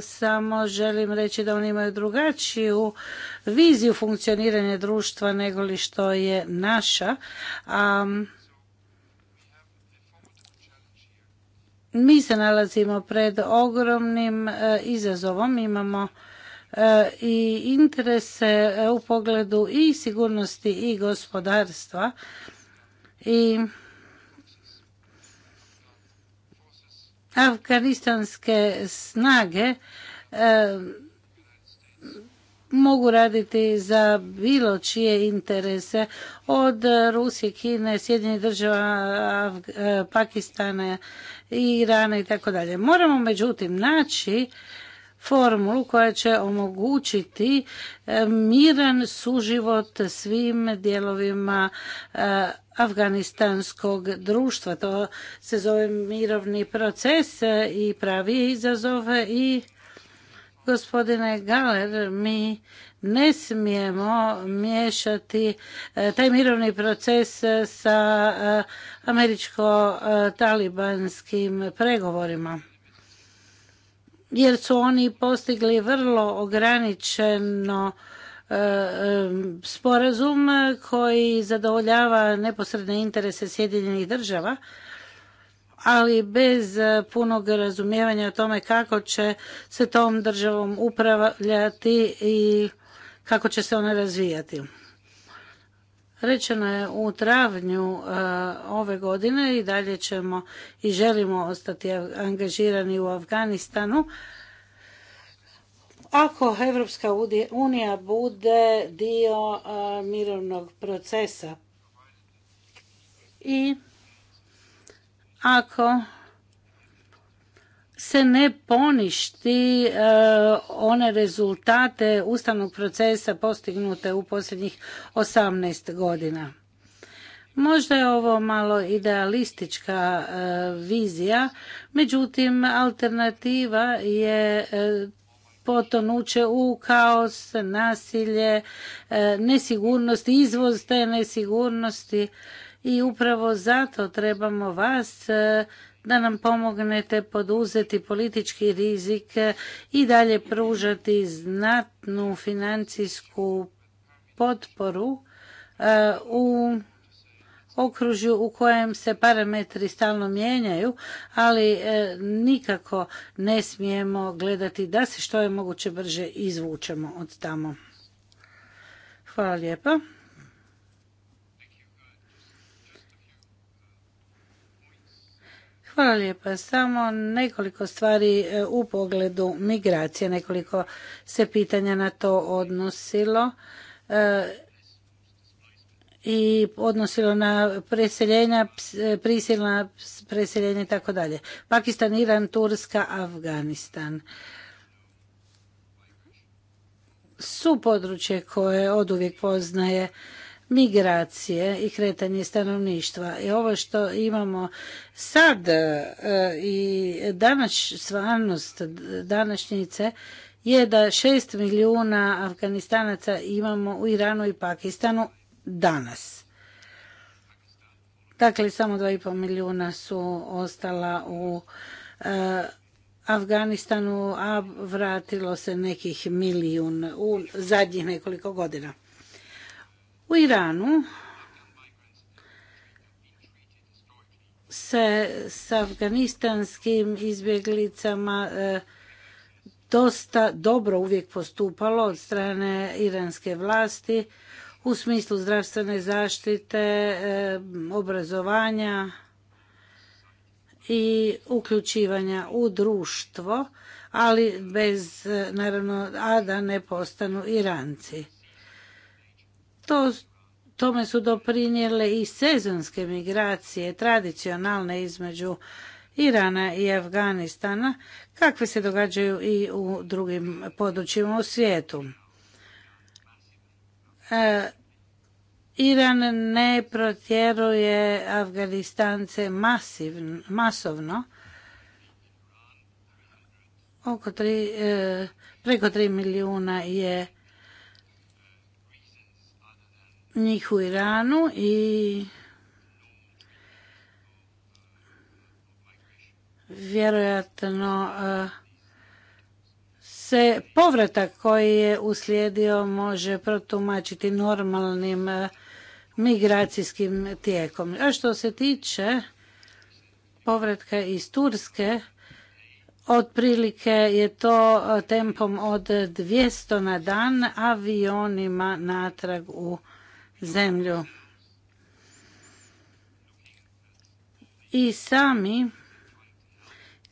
samo želim reći da oni imaju drugačiju viziju funkcioniranja društva nego li što je naša. mi se nalazimo pred ogromnim e, izazovom. Imamo e, i interese e, u pogledu i sigurnosti i gospodarstva i afganistanske snage e, mogu raditi za bilo čije interese od Rusije, Kine, Sjedinjenih država, e, Pakistana, Irana i tako dalje. Moramo međutim naći formulu koja će omogućiti e, miran suživot svim dijelovima e, afganistanskog društva. To se zove mirovni proces e, i pravi izazov i gospodine Galer, mi ne smijemo miješati taj mirovni proces sa američko-talibanskim pregovorima jer su oni postigli vrlo ograničeno e, e, sporazum koji zadovoljava neposredne interese Sjedinjenih država, ali bez punog razumijevanja o tome kako će se tom državom upravljati i kako će se ona razvijati. Rečeno je u travnju e, ove godine i dalje ćemo i želimo ostati angažirani u Afganistanu. Ako Evropska unija bude dio e, mirovnog procesa i ako se ne poništi e, one rezultate ustavnog procesa postignute u posljednjih 18 godina. Možda je ovo malo idealistička e, vizija, međutim alternativa je e, potonuće u kaos, nasilje, nesigurnost, izvoz te nesigurnosti i upravo zato trebamo vas da nam pomognete poduzeti politički rizik i dalje pružati znatnu financijsku potporu eh, u okružju u kojem se parametri stalno mijenjaju, ali eh, nikako ne smijemo gledati da se što je moguće brže izvučemo od tamo. Hvala lijepa. Hvala lijepa. Samo nekoliko stvari e, u pogledu migracije. Nekoliko se pitanja na to odnosilo e, i odnosilo na preseljenja, e, prisilna preseljenja i tako dalje. Pakistan, Iran, Turska, Afganistan su područje koje oduvijek poznaje migracije i kretanje stanovništva. I ovo što imamo sad e, i danas, stvarnost današnjice je da 6 milijuna Afganistanaca imamo u Iranu i Pakistanu danas. Dakle, samo 2,5 milijuna su ostala u e, Afganistanu, a vratilo se nekih milijun u zadnjih nekoliko godina. U Iranu se s afganistanskim izbjeglicama e, dosta dobro uvijek postupalo od strane iranske vlasti u smislu zdravstvene zaštite, e, obrazovanja i uključivanja u društvo, ali bez e, naravno a da ne postanu Iranci tome su doprinijele i sezonske migracije, tradicionalne između Irana i Afganistana, kakve se događaju i u drugim područjima u svijetu. E, Iran ne protjeruje Afganistance masiv masovno, oko tri, e, preko 3 milijuna je njih u Iranu i vjerojatno eh, se povratak koji je uslijedio može protumačiti normalnim eh, migracijskim tijekom. A što se tiče povratka iz Turske, otprilike je to eh, tempom od 200 na dan avionima natrag u zemlju. I sami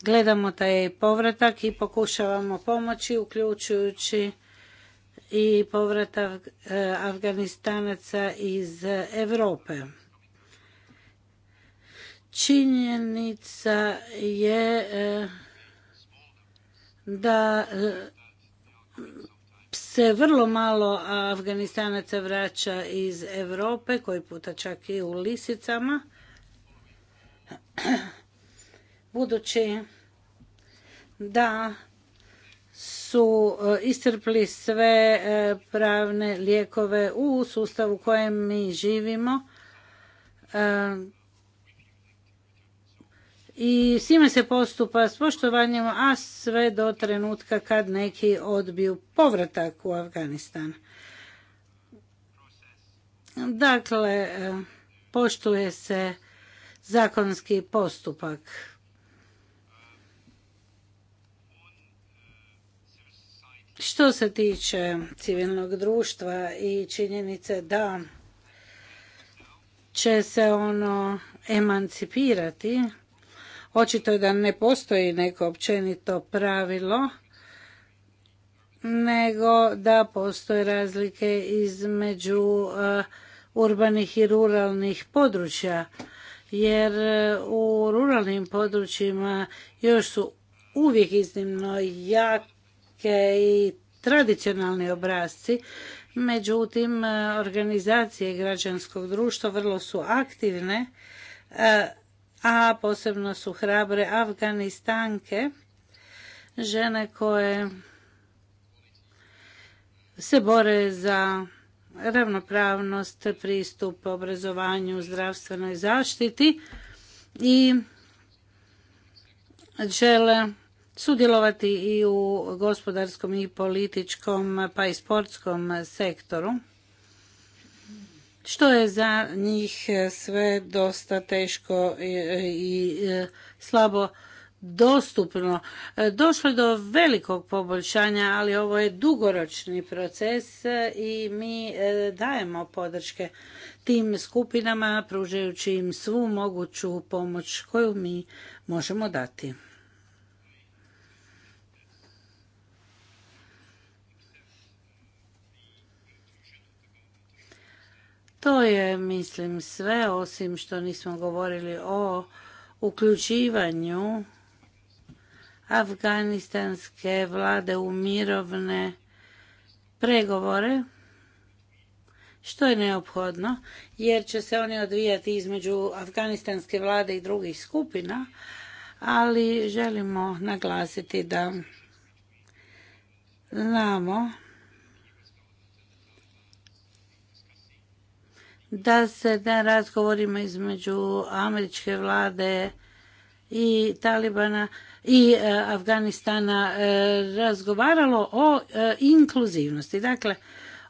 gledamo taj povratak i pokušavamo pomoći uključujući i povratak e, Afganistanaca iz Europe. Činjenica je e, da e, se vrlo malo Afganistanaca vraća iz Europe, koji puta čak i u lisicama. Budući da su e, istrpli sve e, pravne lijekove u sustavu u kojem mi živimo, e, i s time se postupa s poštovanjem, a sve do trenutka kad neki odbiju povratak u Afganistan. Dakle, e, poštuje se zakonski postupak. Što se tiče civilnog društva i činjenice da će se ono emancipirati, Očito je da ne postoji neko općenito pravilo, nego da postoje razlike između uh, urbanih i ruralnih područja, jer uh, u ruralnim područjima još su uvijek iznimno jake i tradicionalni obrazci, međutim uh, organizacije građanskog društva vrlo su aktivne a posebno su hrabre Afganistanke, žene koje se bore za ravnopravnost, pristup obrazovanju, zdravstvenoj zaštiti i žele sudjelovati i u gospodarskom i političkom pa i sportskom sektoru što je za njih e, sve dosta teško e, i e, slabo dostupno. Došlo je do velikog poboljšanja, ali ovo je dugoročni proces i mi dajemo podrške tim skupinama, pružajući im svu moguću pomoć koju mi možemo dati. To je, mislim, sve, osim što nismo govorili o uključivanju afganistanske vlade u mirovne pregovore, što je neophodno, jer će se oni odvijati između afganistanske vlade i drugih skupina, ali želimo naglasiti da znamo da se na razgovorima između američke vlade i Talibana i e, Afganistana e, razgovaralo o e, inkluzivnosti, dakle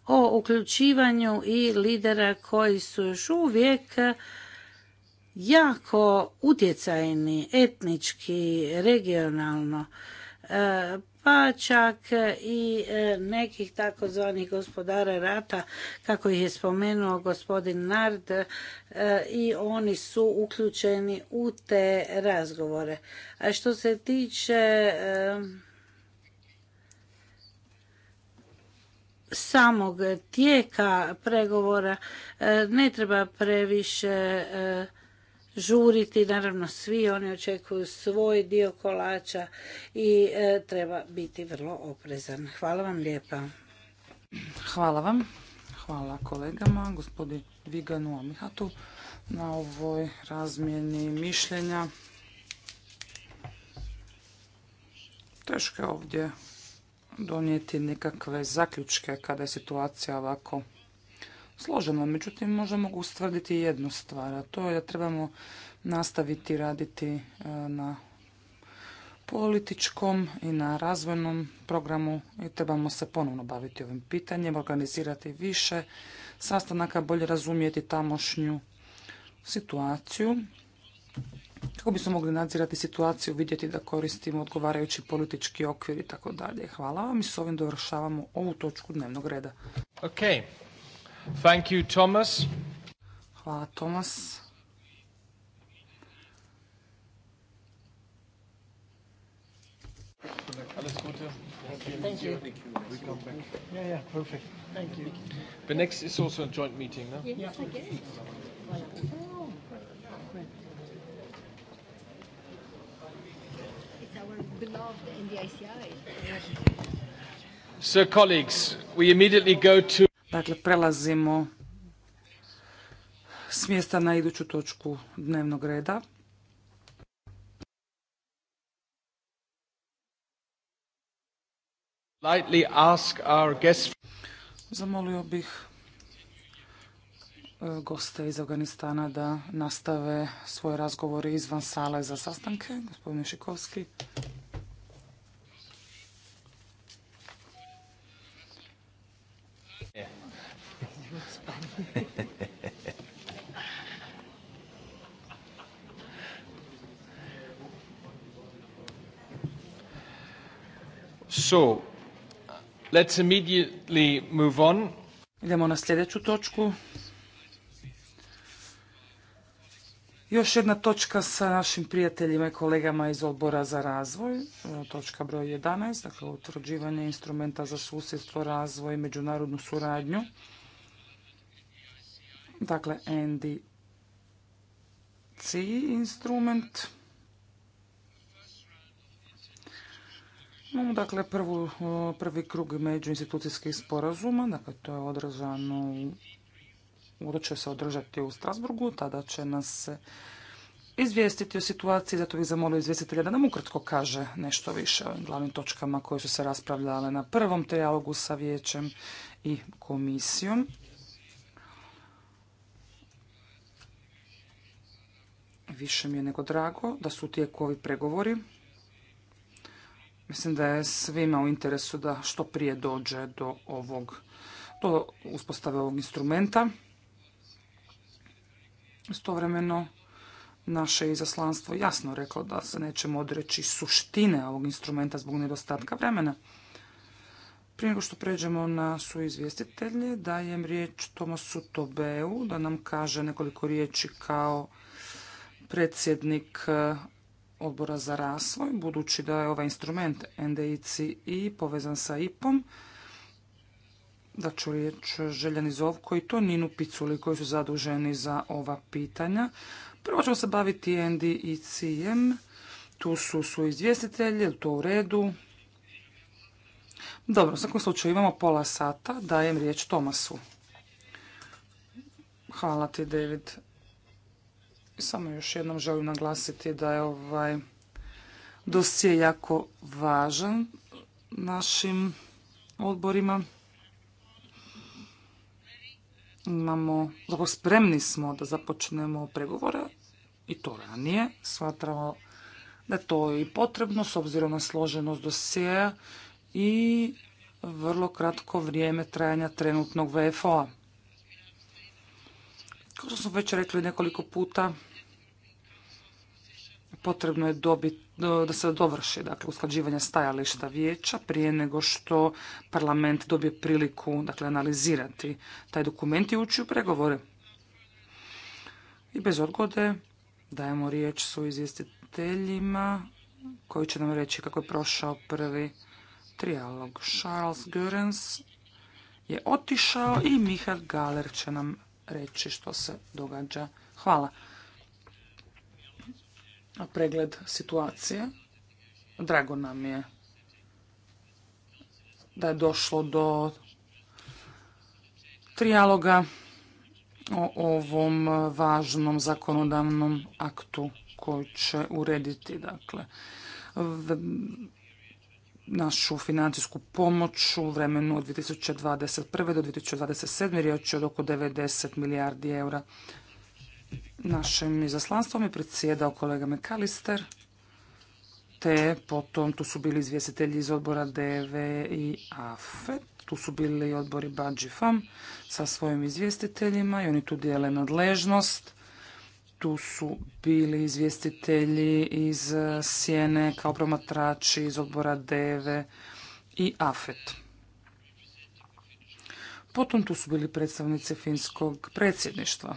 o uključivanju i lidera koji su još uvijek jako utjecajni etnički, regionalno pa čak i e, nekih takozvanih gospodara rata, kako ih je spomenuo gospodin Nard, e, i oni su uključeni u te razgovore. A što se tiče e, samog tijeka pregovora ne treba previše žuriti, naravno svi oni očekuju svoj dio kolača i e, treba biti vrlo oprezan. Hvala vam lijepa. Hvala vam. Hvala kolegama, gospodi Viganu Amihatu na ovoj razmjeni mišljenja. Teško je ovdje donijeti nekakve zaključke kada je situacija ovako složeno. Međutim, možemo ustvrditi jednu stvar, a to je da trebamo nastaviti raditi e, na političkom i na razvojnom programu i trebamo se ponovno baviti ovim pitanjem, organizirati više sastanaka, bolje razumijeti tamošnju situaciju. Kako bismo mogli nadzirati situaciju, vidjeti da koristimo odgovarajući politički okvir i tako dalje. Hvala vam i s ovim dovršavamo ovu točku dnevnog reda. Ok. Thank you, Thomas. Hvala, Thomas. Alles Gute. Thank you. We come back. Yeah, yeah, perfect. Thank you. The next is also a joint meeting, no? Yeah, I guess. Oh. It's our beloved NDICI. So, colleagues, we immediately go to... Dakle, prelazimo s mjesta na iduću točku dnevnog reda. Zamolio bih e, goste iz Afganistana da nastave svoje razgovore izvan sale za sastanke. Gospodin Šikovski. so, let's immediately move on. Idemo na sljedeću točku. Još jedna točka sa našim prijateljima i kolegama iz odbora za razvoj, e, točka broj 11, dakle utvrđivanje instrumenta za susjedstvo, razvoj i međunarodnu suradnju Dakle, C. instrument. No, dakle prvu, prvi krug međuinstitucijskih sporazuma, dakle to je održano, uda će se održati u Strasburgu, tada će nas se izvijestiti o situaciji, zato bih zamolio izvjestitelja da nam ukratko kaže nešto više o ovim glavnim točkama koje su se raspravljale na prvom trijalogu sa vijećem i komisijom. Više mi je nego drago da su tijeku ovi pregovori. Mislim da je svima u interesu da što prije dođe do ovog, do uspostave ovog instrumenta. Istovremeno naše izaslanstvo jasno reklo da se nećemo odreći suštine ovog instrumenta zbog nedostatka vremena. Prije nego što pređemo na su izvjestitelje, dajem riječ Tomasu Tobeu da nam kaže nekoliko riječi kao predsjednik eh, odbora za razvoj, budući da je ovaj instrument NDICI povezan sa IPom, da ću riječ Željani Zovko i to Ninu Piculi koji su zaduženi za ova pitanja. Prvo ćemo se baviti NDICI-em. Tu su, su izvjestitelji, je to u redu? Dobro, u svakom slučaju imamo pola sata, dajem riječ Tomasu. Hvala ti, David. Samo još jednom želim naglasiti da je ovaj dosije jako važan našim odborima. Imamo, zapravo spremni smo da započnemo pregovore i to ranije. Smatramo da je to i potrebno s obzirom na složenost dosijeja i vrlo kratko vrijeme trajanja trenutnog VFO-a. Kao što smo već rekli nekoliko puta, potrebno je dobit, da se dovrši dakle, usklađivanje stajališta vijeća prije nego što parlament dobije priliku dakle, analizirati taj dokument i ući u pregovore. I bez odgode dajemo riječ su izvjestiteljima koji će nam reći kako je prošao prvi trijalog. Charles Görens je otišao i Michael Galer će nam reći što se događa. Hvala. Pregled situacije. Drago nam je da je došlo do trijaloga o ovom važnom zakonodavnom aktu koji će urediti dakle našu financijsku pomoć u vremenu od 2021. do 2027. riječ je od oko 90 milijardi eura. Našim izaslanstvom je predsjedao kolega McAllister, te potom tu su bili izvjestitelji iz odbora DV i AFE, tu su bili odbori BADŽIFAM sa svojim izvjestiteljima i oni tu dijele nadležnost tu su bili izvjestitelji iz Sjene kao promatrači iz odbora Deve i AFET. Potom tu su bili predstavnici finskog predsjedništva.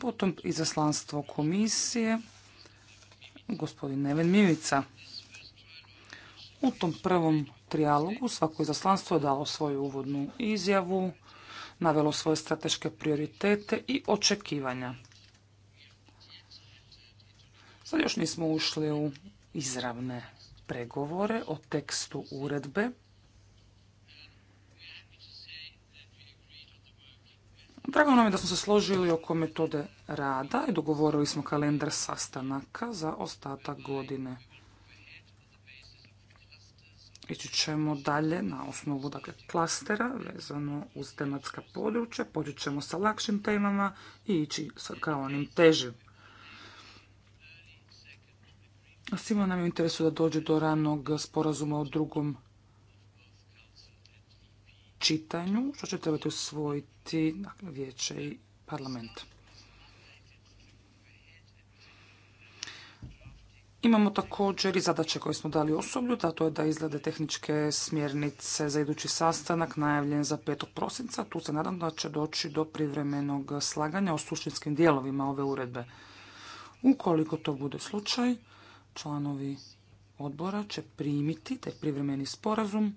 Potom izaslanstvo komisije, gospodin Neven Mimica. U tom prvom trijalogu svako izaslanstvo je dalo svoju uvodnu izjavu, navelo svoje strateške prioritete i očekivanja. Sad još nismo ušli u izravne pregovore o tekstu uredbe. Drago nam je da smo se složili oko metode rada i dogovorili smo kalendar sastanaka za ostatak godine. Ići ćemo dalje na osnovu dakle, klastera vezano uz tematska područja. Počet ćemo sa lakšim temama i ići sa kao onim težim. Svima nam je u interesu da dođe do ranog sporazuma o drugom čitanju, što će trebati usvojiti dakle, vijeće i parlament. Imamo također i zadaće koje smo dali osoblju, da to je da izglede tehničke smjernice za idući sastanak najavljen za 5. prosinca. Tu se nadam da će doći do privremenog slaganja o suštinskim dijelovima ove uredbe. Ukoliko to bude slučaj, Članovi odbora će primiti taj privremeni sporazum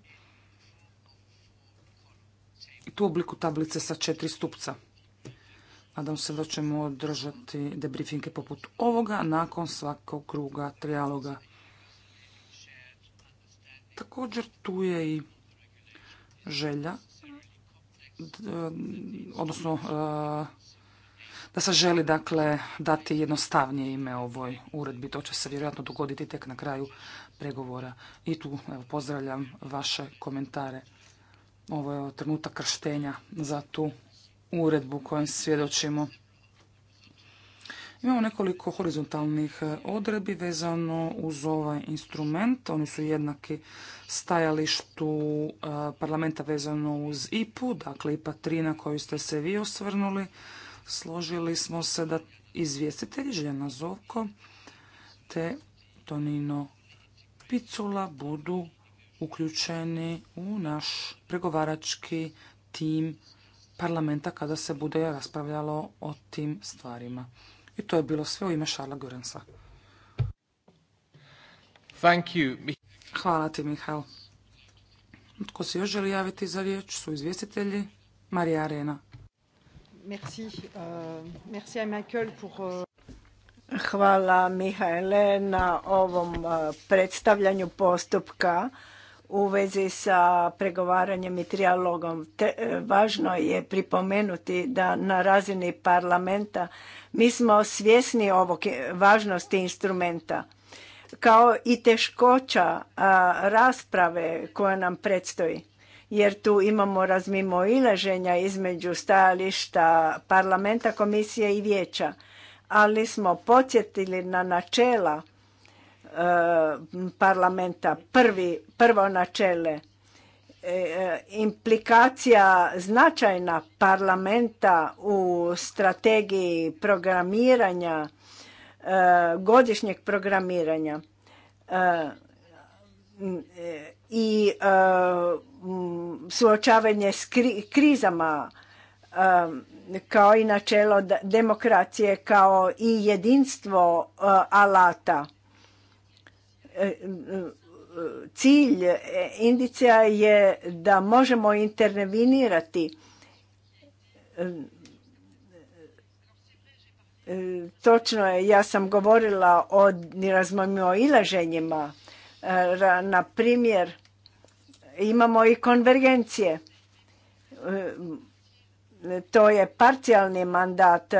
i tu obliku tablice sa četiri stupca. Nadam se da ćemo održati debriefinke poput ovoga nakon svakog kruga trijaloga. Također tu je i želja, odnosno da se želi dakle dati jednostavnije ime ovoj uredbi. To će se vjerojatno dogoditi tek na kraju pregovora. I tu evo, pozdravljam vaše komentare. Ovo je trenutak krštenja za tu uredbu kojom svjedočimo. Imamo nekoliko horizontalnih odredbi vezano uz ovaj instrument. Oni su jednaki stajalištu e, parlamenta vezano uz IPU, dakle IPA 3 na koju ste se vi osvrnuli složili smo se da izvjestitelji Žena Zovko te Tonino Picula budu uključeni u naš pregovarački tim parlamenta kada se bude raspravljalo o tim stvarima. I to je bilo sve u ime Šarla Gorensa. Hvala ti, Mihael. Tko se još želi javiti za riječ su izvjestitelji Marija Arena. Euh, euh, Hvala Mihaele na ovom uh, predstavljanju postupka u vezi sa pregovaranjem i trijalogom. E, važno je pripomenuti da na razini parlamenta mi smo svjesni ovog e, važnosti instrumenta kao i teškoća rasprave koja nam predstoji jer tu imamo razmimo između stajališta parlamenta, komisije i vijeća. Ali smo podsjetili na načela e, parlamenta. Prvi, prvo načele e, e, implikacija značajna parlamenta u strategiji programiranja, godišnjeg programiranja i e, suočavanje s krizama e, kao i načelo demokracije kao i jedinstvo e, alata cilj indicija je da možemo intervenirati točno je ja sam govorila o razmimoilaženjima na primjer, imamo i konvergencije. E, to je parcijalni mandat e,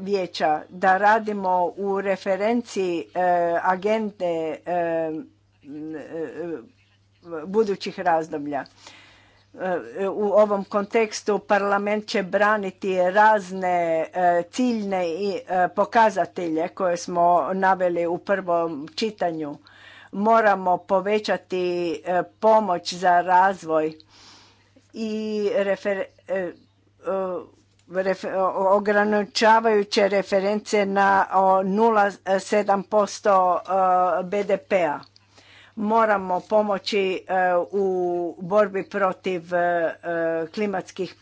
vijeća da radimo u referenciji e, agente budućih razdoblja. U ovom kontekstu parlament će braniti razne ciljne i pokazatelje koje smo naveli u prvom čitanju moramo povećati e, pomoć za razvoj i refer, e, ograničavajuće reference na 0,7% e, BDP-a. Moramo pomoći u borbi protiv klimatskih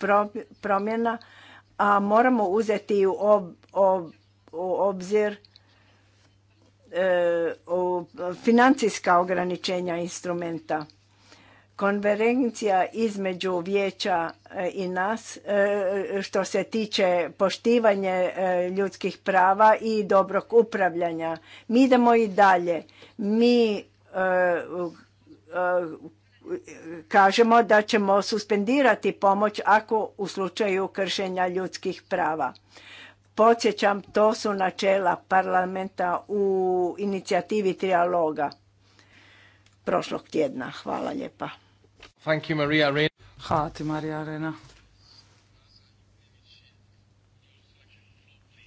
promjena, a moramo uzeti u obzir E, financijska ograničenja instrumenta. Konverencija između vijeća e, i nas e, što se tiče poštivanje ljudskih prava i dobrog upravljanja. Mi idemo i dalje. Mi kažemo da ćemo suspendirati pomoć ako u slučaju kršenja ljudskih prava. Podsjećam, to su načela parlamenta u inicijativi trijaloga prošlog tjedna. Hvala lijepa. Thank you, Maria Hvala ti, Marija Arena.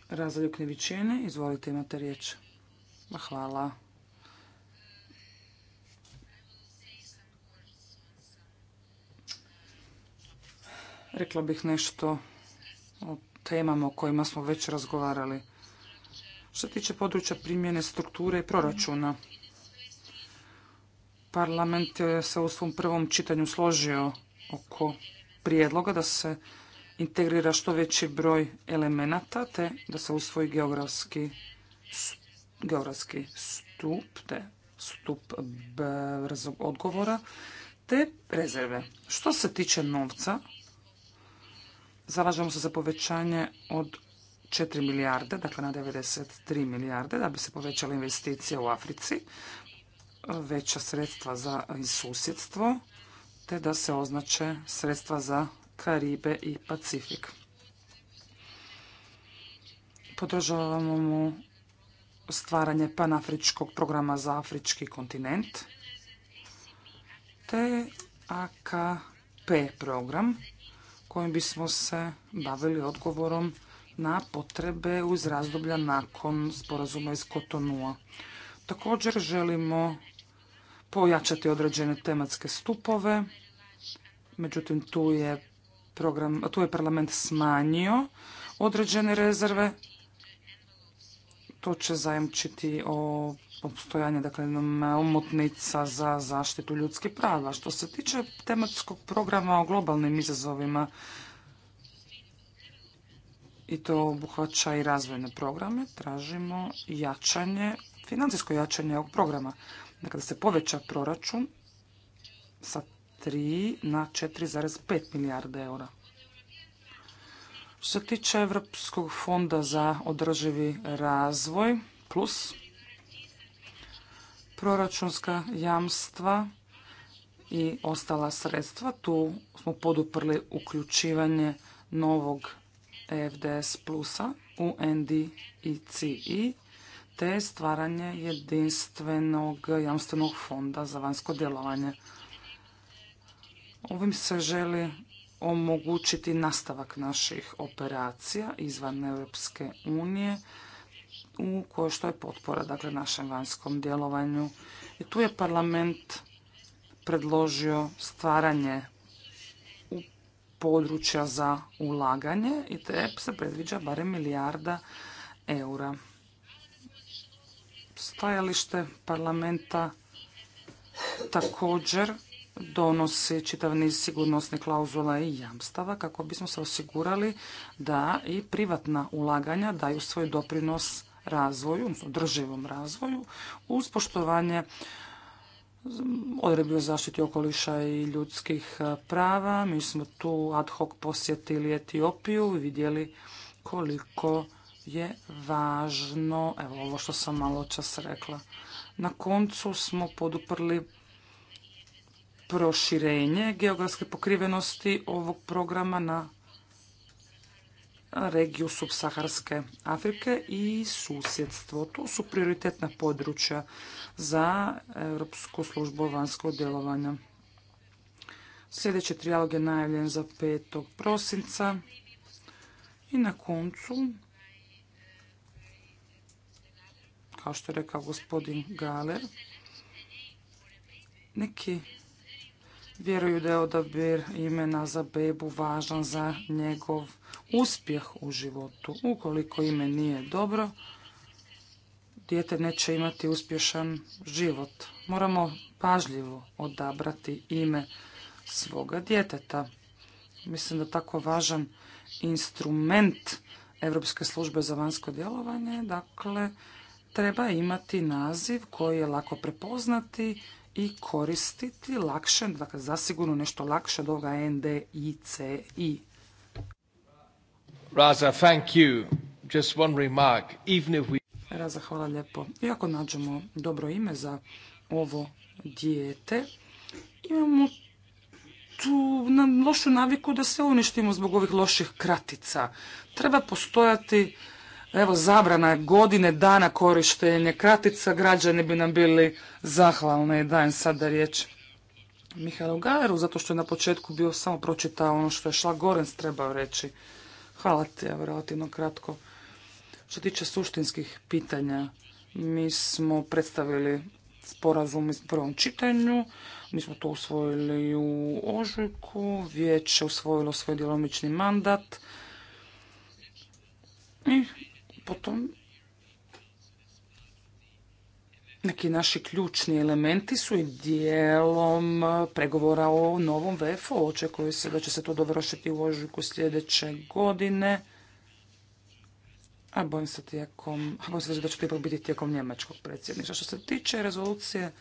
Razalju Knevićene, izvolite imate riječ. Hvala. Rekla bih nešto o temama o kojima smo već razgovarali. Što tiče područja primjene strukture i proračuna, parlament je se u svom prvom čitanju složio oko prijedloga da se integrira što veći broj elemenata te da se usvoji geografski, geografski stup te stup odgovora te rezerve. Što se tiče novca, zalažemo se za povećanje od 4 milijarde, dakle na 93 milijarde, da bi se povećale investicije u Africi, veća sredstva za susjedstvo, te da se označe sredstva za Karibe i Pacifik. Podržavamo mu stvaranje panafričkog programa za afrički kontinent, te AKP program, kojim bismo se bavili odgovorom na potrebe uz razdoblja nakon sporazuma iz Kotonua. Također želimo pojačati određene tematske stupove, međutim tu je, program, tu je parlament smanjio određene rezerve. To će zajamčiti o postojanje dakle, omotnica za zaštitu ljudskih prava. Što se tiče tematskog programa o globalnim izazovima, i to obuhvaća i razvojne programe, tražimo jačanje, financijsko jačanje ovog programa. Dakle, da se poveća proračun sa 3 na 4,5 milijarde eura. Što se tiče Europskog fonda za održivi razvoj, plus proračunska jamstva i ostala sredstva. Tu smo poduprli uključivanje novog EFDS plusa u NDICI te stvaranje jedinstvenog jamstvenog fonda za vanjsko djelovanje. Ovim se želi omogućiti nastavak naših operacija izvan Europske unije u kojoj što je potpora dakle, našem vanjskom djelovanju. I tu je parlament predložio stvaranje područja za ulaganje i te se predviđa barem milijarda eura. Stajalište parlamenta također donosi čitav niz sigurnosnih klauzula i jamstava kako bismo se osigurali da i privatna ulaganja daju svoj doprinos razvoju, odnosno drživom razvoju, uz poštovanje odredbi o zaštiti okoliša i ljudskih e, prava. Mi smo tu ad hoc posjetili Etiopiju i vidjeli koliko je važno, evo ovo što sam malo čas rekla. Na koncu smo poduprli proširenje geografske pokrivenosti ovog programa na regiju subsaharske Afrike i susjedstvo. To su prioritetna područja za Europsku službu vanjskog djelovanja. Sljedeći trijalog je najavljen za 5. prosinca i na koncu kao što je rekao gospodin Galer, neki vjeruju da je odabir imena za bebu važan za njegov uspjeh u životu. Ukoliko ime nije dobro, dijete neće imati uspješan život. Moramo pažljivo odabrati ime svoga djeteta. Mislim da tako važan instrument Europske službe za vanjsko djelovanje, dakle, treba imati naziv koji je lako prepoznati i koristiti lakše, dakle, zasigurno nešto lakše od ovoga I. Raza, hvala lijepo. Iako nađemo dobro ime za ovo dijete, imamo tu lošu naviku da se uništimo zbog ovih loših kratica. Treba postojati Evo, zabrana godine dana korištenje kratica, građani bi nam bili zahvalni, dajem da riječ Mihajlo Gajeru, zato što je na početku bio samo pročitao ono što je Šla Gorens trebao reći. Hvala ti, ja relativno kratko. Što tiče suštinskih pitanja, mi smo predstavili sporazum iz prvom čitanju, mi smo to usvojili u ožujku, vijeće usvojilo svoj djelomični mandat i potom neki naši ključni elementi su i dijelom pregovora o novom VFO. Očekuje se da će se to dovršiti u ožujku sljedeće godine. A bojim se, tijekom, bojim se da će to ipak biti tijekom njemačkog predsjedništva. Što se tiče rezolucije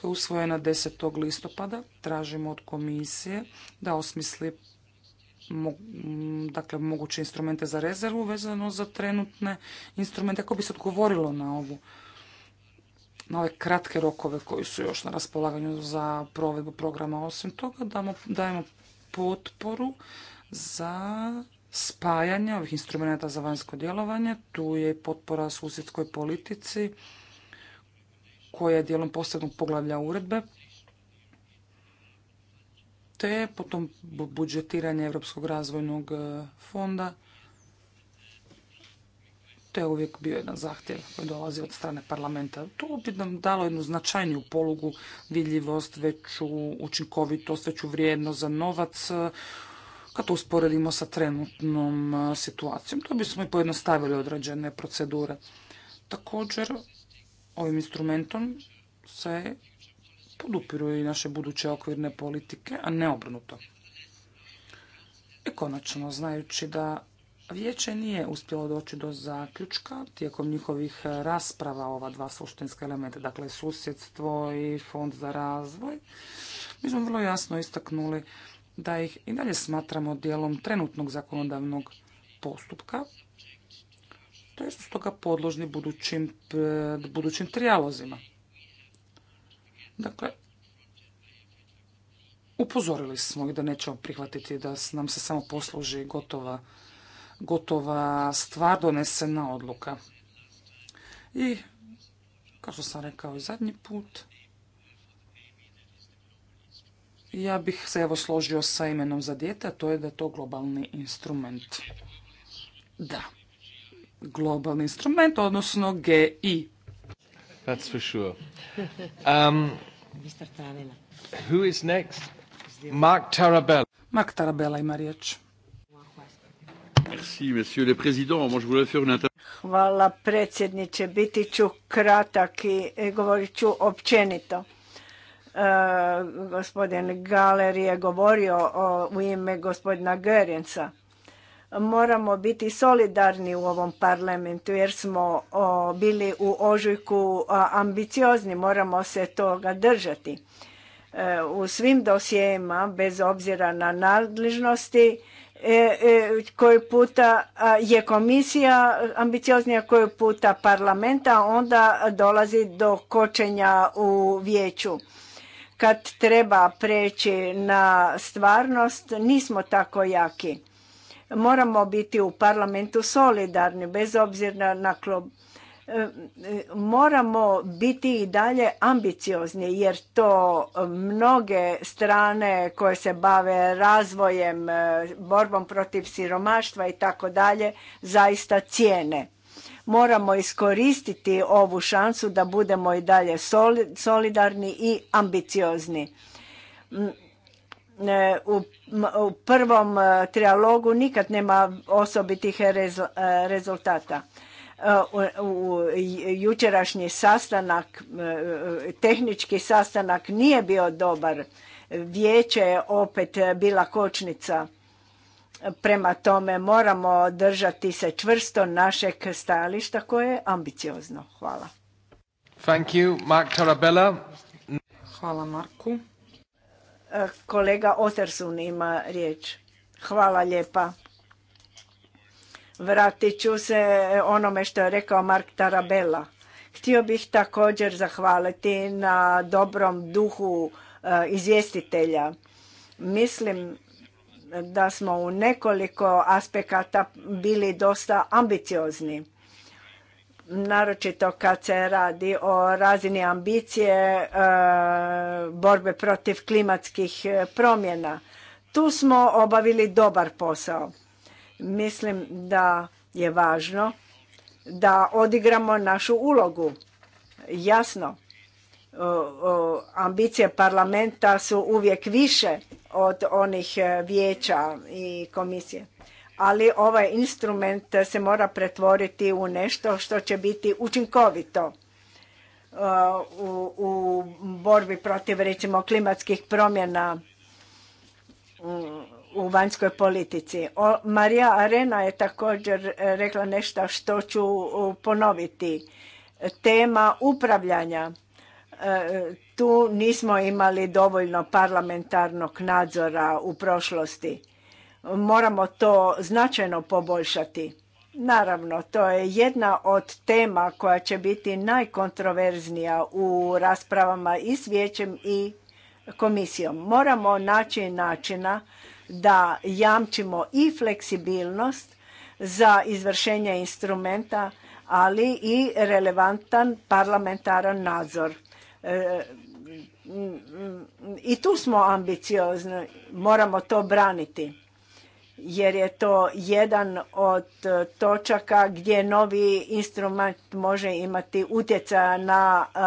koja je usvojena 10. listopada, tražimo od komisije da osmisli dakle, moguće instrumente za rezervu vezano za trenutne instrumente kako bi se odgovorilo na ovu na ove kratke rokove koji su još na raspolaganju za provedbu programa. Osim toga damo, dajemo potporu za spajanje ovih instrumenta za vanjsko djelovanje. Tu je i potpora susjedskoj politici koja je dijelom posebnog poglavlja uredbe te potom budžetiranje Europskog razvojnog eh, fonda je uvijek bio jedan zahtjev koji dolazi od strane parlamenta. To bi nam dalo jednu značajniju polugu, vidljivost, veću učinkovitost, veću vrijednost za novac, e, kad to usporedimo sa trenutnom e, situacijom. To bismo i pojednostavili određene procedure. Također, ovim instrumentom se podupiruje i naše buduće okvirne politike, a ne obrnuto. I e, konačno, znajući da Vijeće nije uspjelo doći do zaključka tijekom njihovih rasprava ova dva suštinska elementa, dakle susjedstvo i fond za razvoj. Mi smo vrlo jasno istaknuli da ih i dalje smatramo dijelom trenutnog zakonodavnog postupka, to s stoga podložni budućim, budućim trijalozima. Dakle, upozorili smo ih da nećemo prihvatiti da nam se samo posluži gotova gotova stvar donesena odluka. I, kao što sam rekao i zadnji put, ja bih se evo složio sa imenom za dijete, a to je da je to globalni instrument. Da, globalni instrument, odnosno GI. That's um, who is next? Mark Mark Tarabella ima riječ. Hvala predsjedniče, biti ću kratak i e, govorit ću općenito. E, gospodin Galer je govorio u ime gospodina Görenca. Moramo biti solidarni u ovom parlamentu jer smo bili u ožujku ambiciozni, moramo se toga držati. E, u svim dosijema, bez obzira na nadležnosti, E, e, koji puta je komisija ambicioznija, koji puta parlamenta, onda dolazi do kočenja u vijeću. Kad treba preći na stvarnost, nismo tako jaki. Moramo biti u parlamentu solidarni, bez obzira na klub moramo biti i dalje ambiciozni jer to mnoge strane koje se bave razvojem, e, borbom protiv siromaštva i tako dalje zaista cijene. Moramo iskoristiti ovu šansu da budemo i dalje solidarni i ambiciozni. E, u prvom e, trialogu nikad nema osobitih rezultata u jučerašnji sastanak, e, tehnički sastanak nije bio dobar. Vijeće je opet bila kočnica. Prema tome moramo držati se čvrsto našeg stajališta koje je ambiciozno. Hvala. Thank you, Mark Hvala Marku. E, kolega Otersun ima riječ. Hvala lijepa. Vratit ću se onome što je rekao Mark Tarabella. Htio bih također zahvaliti na dobrom duhu e, izvjestitelja. Mislim da smo u nekoliko aspekata bili dosta ambiciozni. Naročito kad se radi o razini ambicije e, borbe protiv klimatskih e, promjena. Tu smo obavili dobar posao. Mislim da je važno da odigramo našu ulogu. Jasno, ambicije parlamenta su uvijek više od onih e, vijeća i komisije. Ali ovaj instrument se mora pretvoriti u nešto što će biti učinkovito e, u, u borbi protiv recimo klimatskih promjena mm, u vanjskoj politici. Marija Arena je također e, rekla nešto što ću ponoviti. Tema upravljanja. E, tu nismo imali dovoljno parlamentarnog nadzora u prošlosti. Moramo to značajno poboljšati. Naravno, to je jedna od tema koja će biti najkontroverznija u raspravama i s vijećem i komisijom. Moramo naći načina da jamčimo i fleksibilnost za izvršenje instrumenta, ali i relevantan parlamentaran nadzor. E, I tu smo ambiciozni, moramo to braniti jer je to jedan od točaka gdje novi instrument može imati utjecaja na e,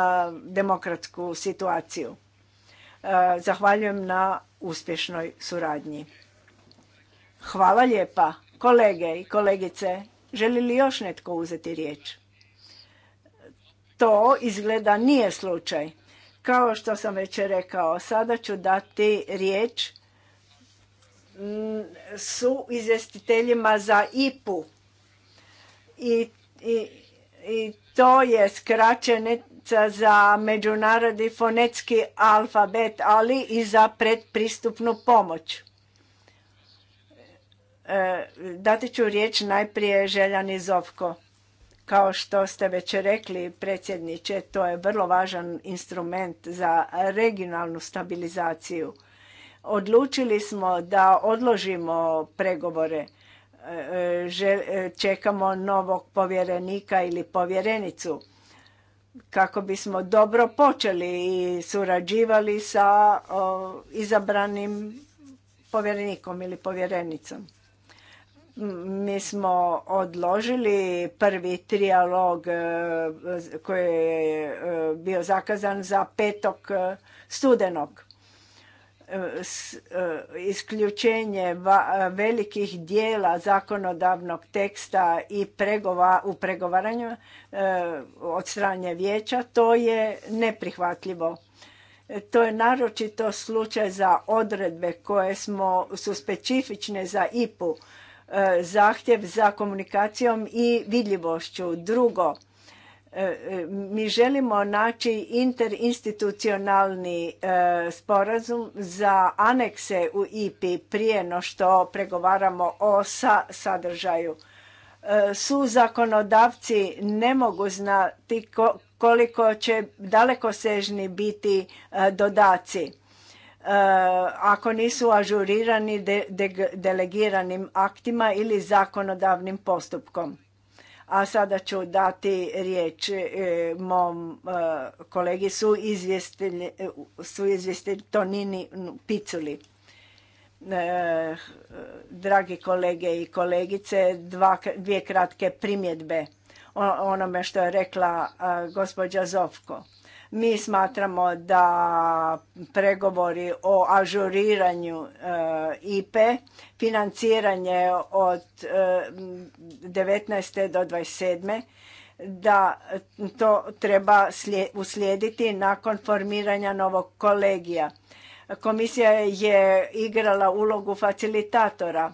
demokratsku situaciju. E, zahvaljujem na uspješnoj suradnji. Hvala lijepa. Kolege i kolegice, želi li još netko uzeti riječ? To izgleda nije slučaj. Kao što sam već rekao, sada ću dati riječ mm, su izvjestiteljima za IPU. I, to je skraćene, za međunarodni fonetski alfabet, ali i za predpristupnu pomoć. E, dati ću riječ najprije Željani Zovko. Kao što ste već rekli, predsjedniče, to je vrlo važan instrument za regionalnu stabilizaciju. Odlučili smo da odložimo pregovore. E, e, čekamo novog povjerenika ili povjerenicu kako bismo dobro počeli i surađivali sa izabranim povjerenikom ili povjerenicom. Mi smo odložili prvi trijalog e, koji je e, bio zakazan za petog e, studenog. E, e, isključenje e, velikih dijela zakonodavnog teksta i pregova, u pregovaranju od strane vijeća, to je neprihvatljivo. To je naročito slučaj za odredbe koje smo, su specifične za IPU, zahtjev za komunikacijom i vidljivošću. Drugo, E, e, mi želimo naći interinstitucionalni e, sporazum za anekse u IP prije no što pregovaramo o sadržaju. Su zakonodavci ne mogu znati koliko će dalekosežni biti dodaci ako nisu ažurirani delegiranim aktima ili zakonodavnim postupkom a sada ću dati riječ e, mom e, kolegi su izvjestitelj e, Tonini Piculi. Dragi kolege i kolegice, dvije kratke primjedbe o onome što je rekla gospođa Zovko mi smatramo da pregovori o ažuriranju eh, IPE, financiranje od 19. Eh, do 27 da to treba uslijediti nakon formiranja novog kolegija. Komisija je igrala ulogu facilitatora.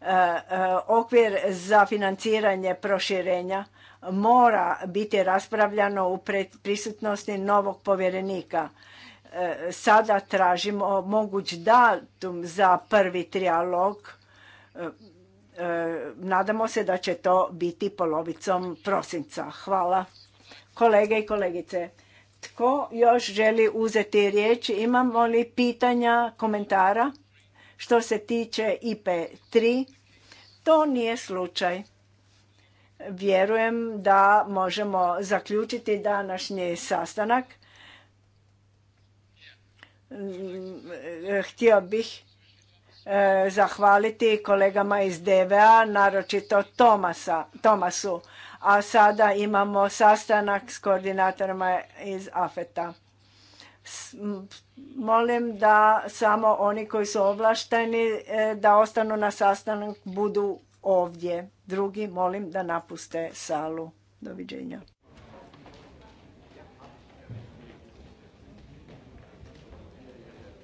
Eh, okvir za financiranje proširenja mora biti raspravljano u prisutnosti novog povjerenika. E, sada tražimo moguć datum za prvi trijalog. E, e, nadamo se da će to biti polovicom prosinca. Hvala. Kolege i kolegice, tko još želi uzeti riječ? Imamo li pitanja, komentara? Što se tiče IP3, to nije slučaj. Vjerujem da možemo zaključiti današnji sastanak. Htio bih e, zahvaliti kolegama iz DVA, naročito Tomasa, Tomasu. A sada imamo sastanak s koordinatorima iz AFETA. Molim da samo oni koji su ovlašteni e, da ostanu na sastanak budu ovdje. Drugi molim da napuste salu. Doviđenja.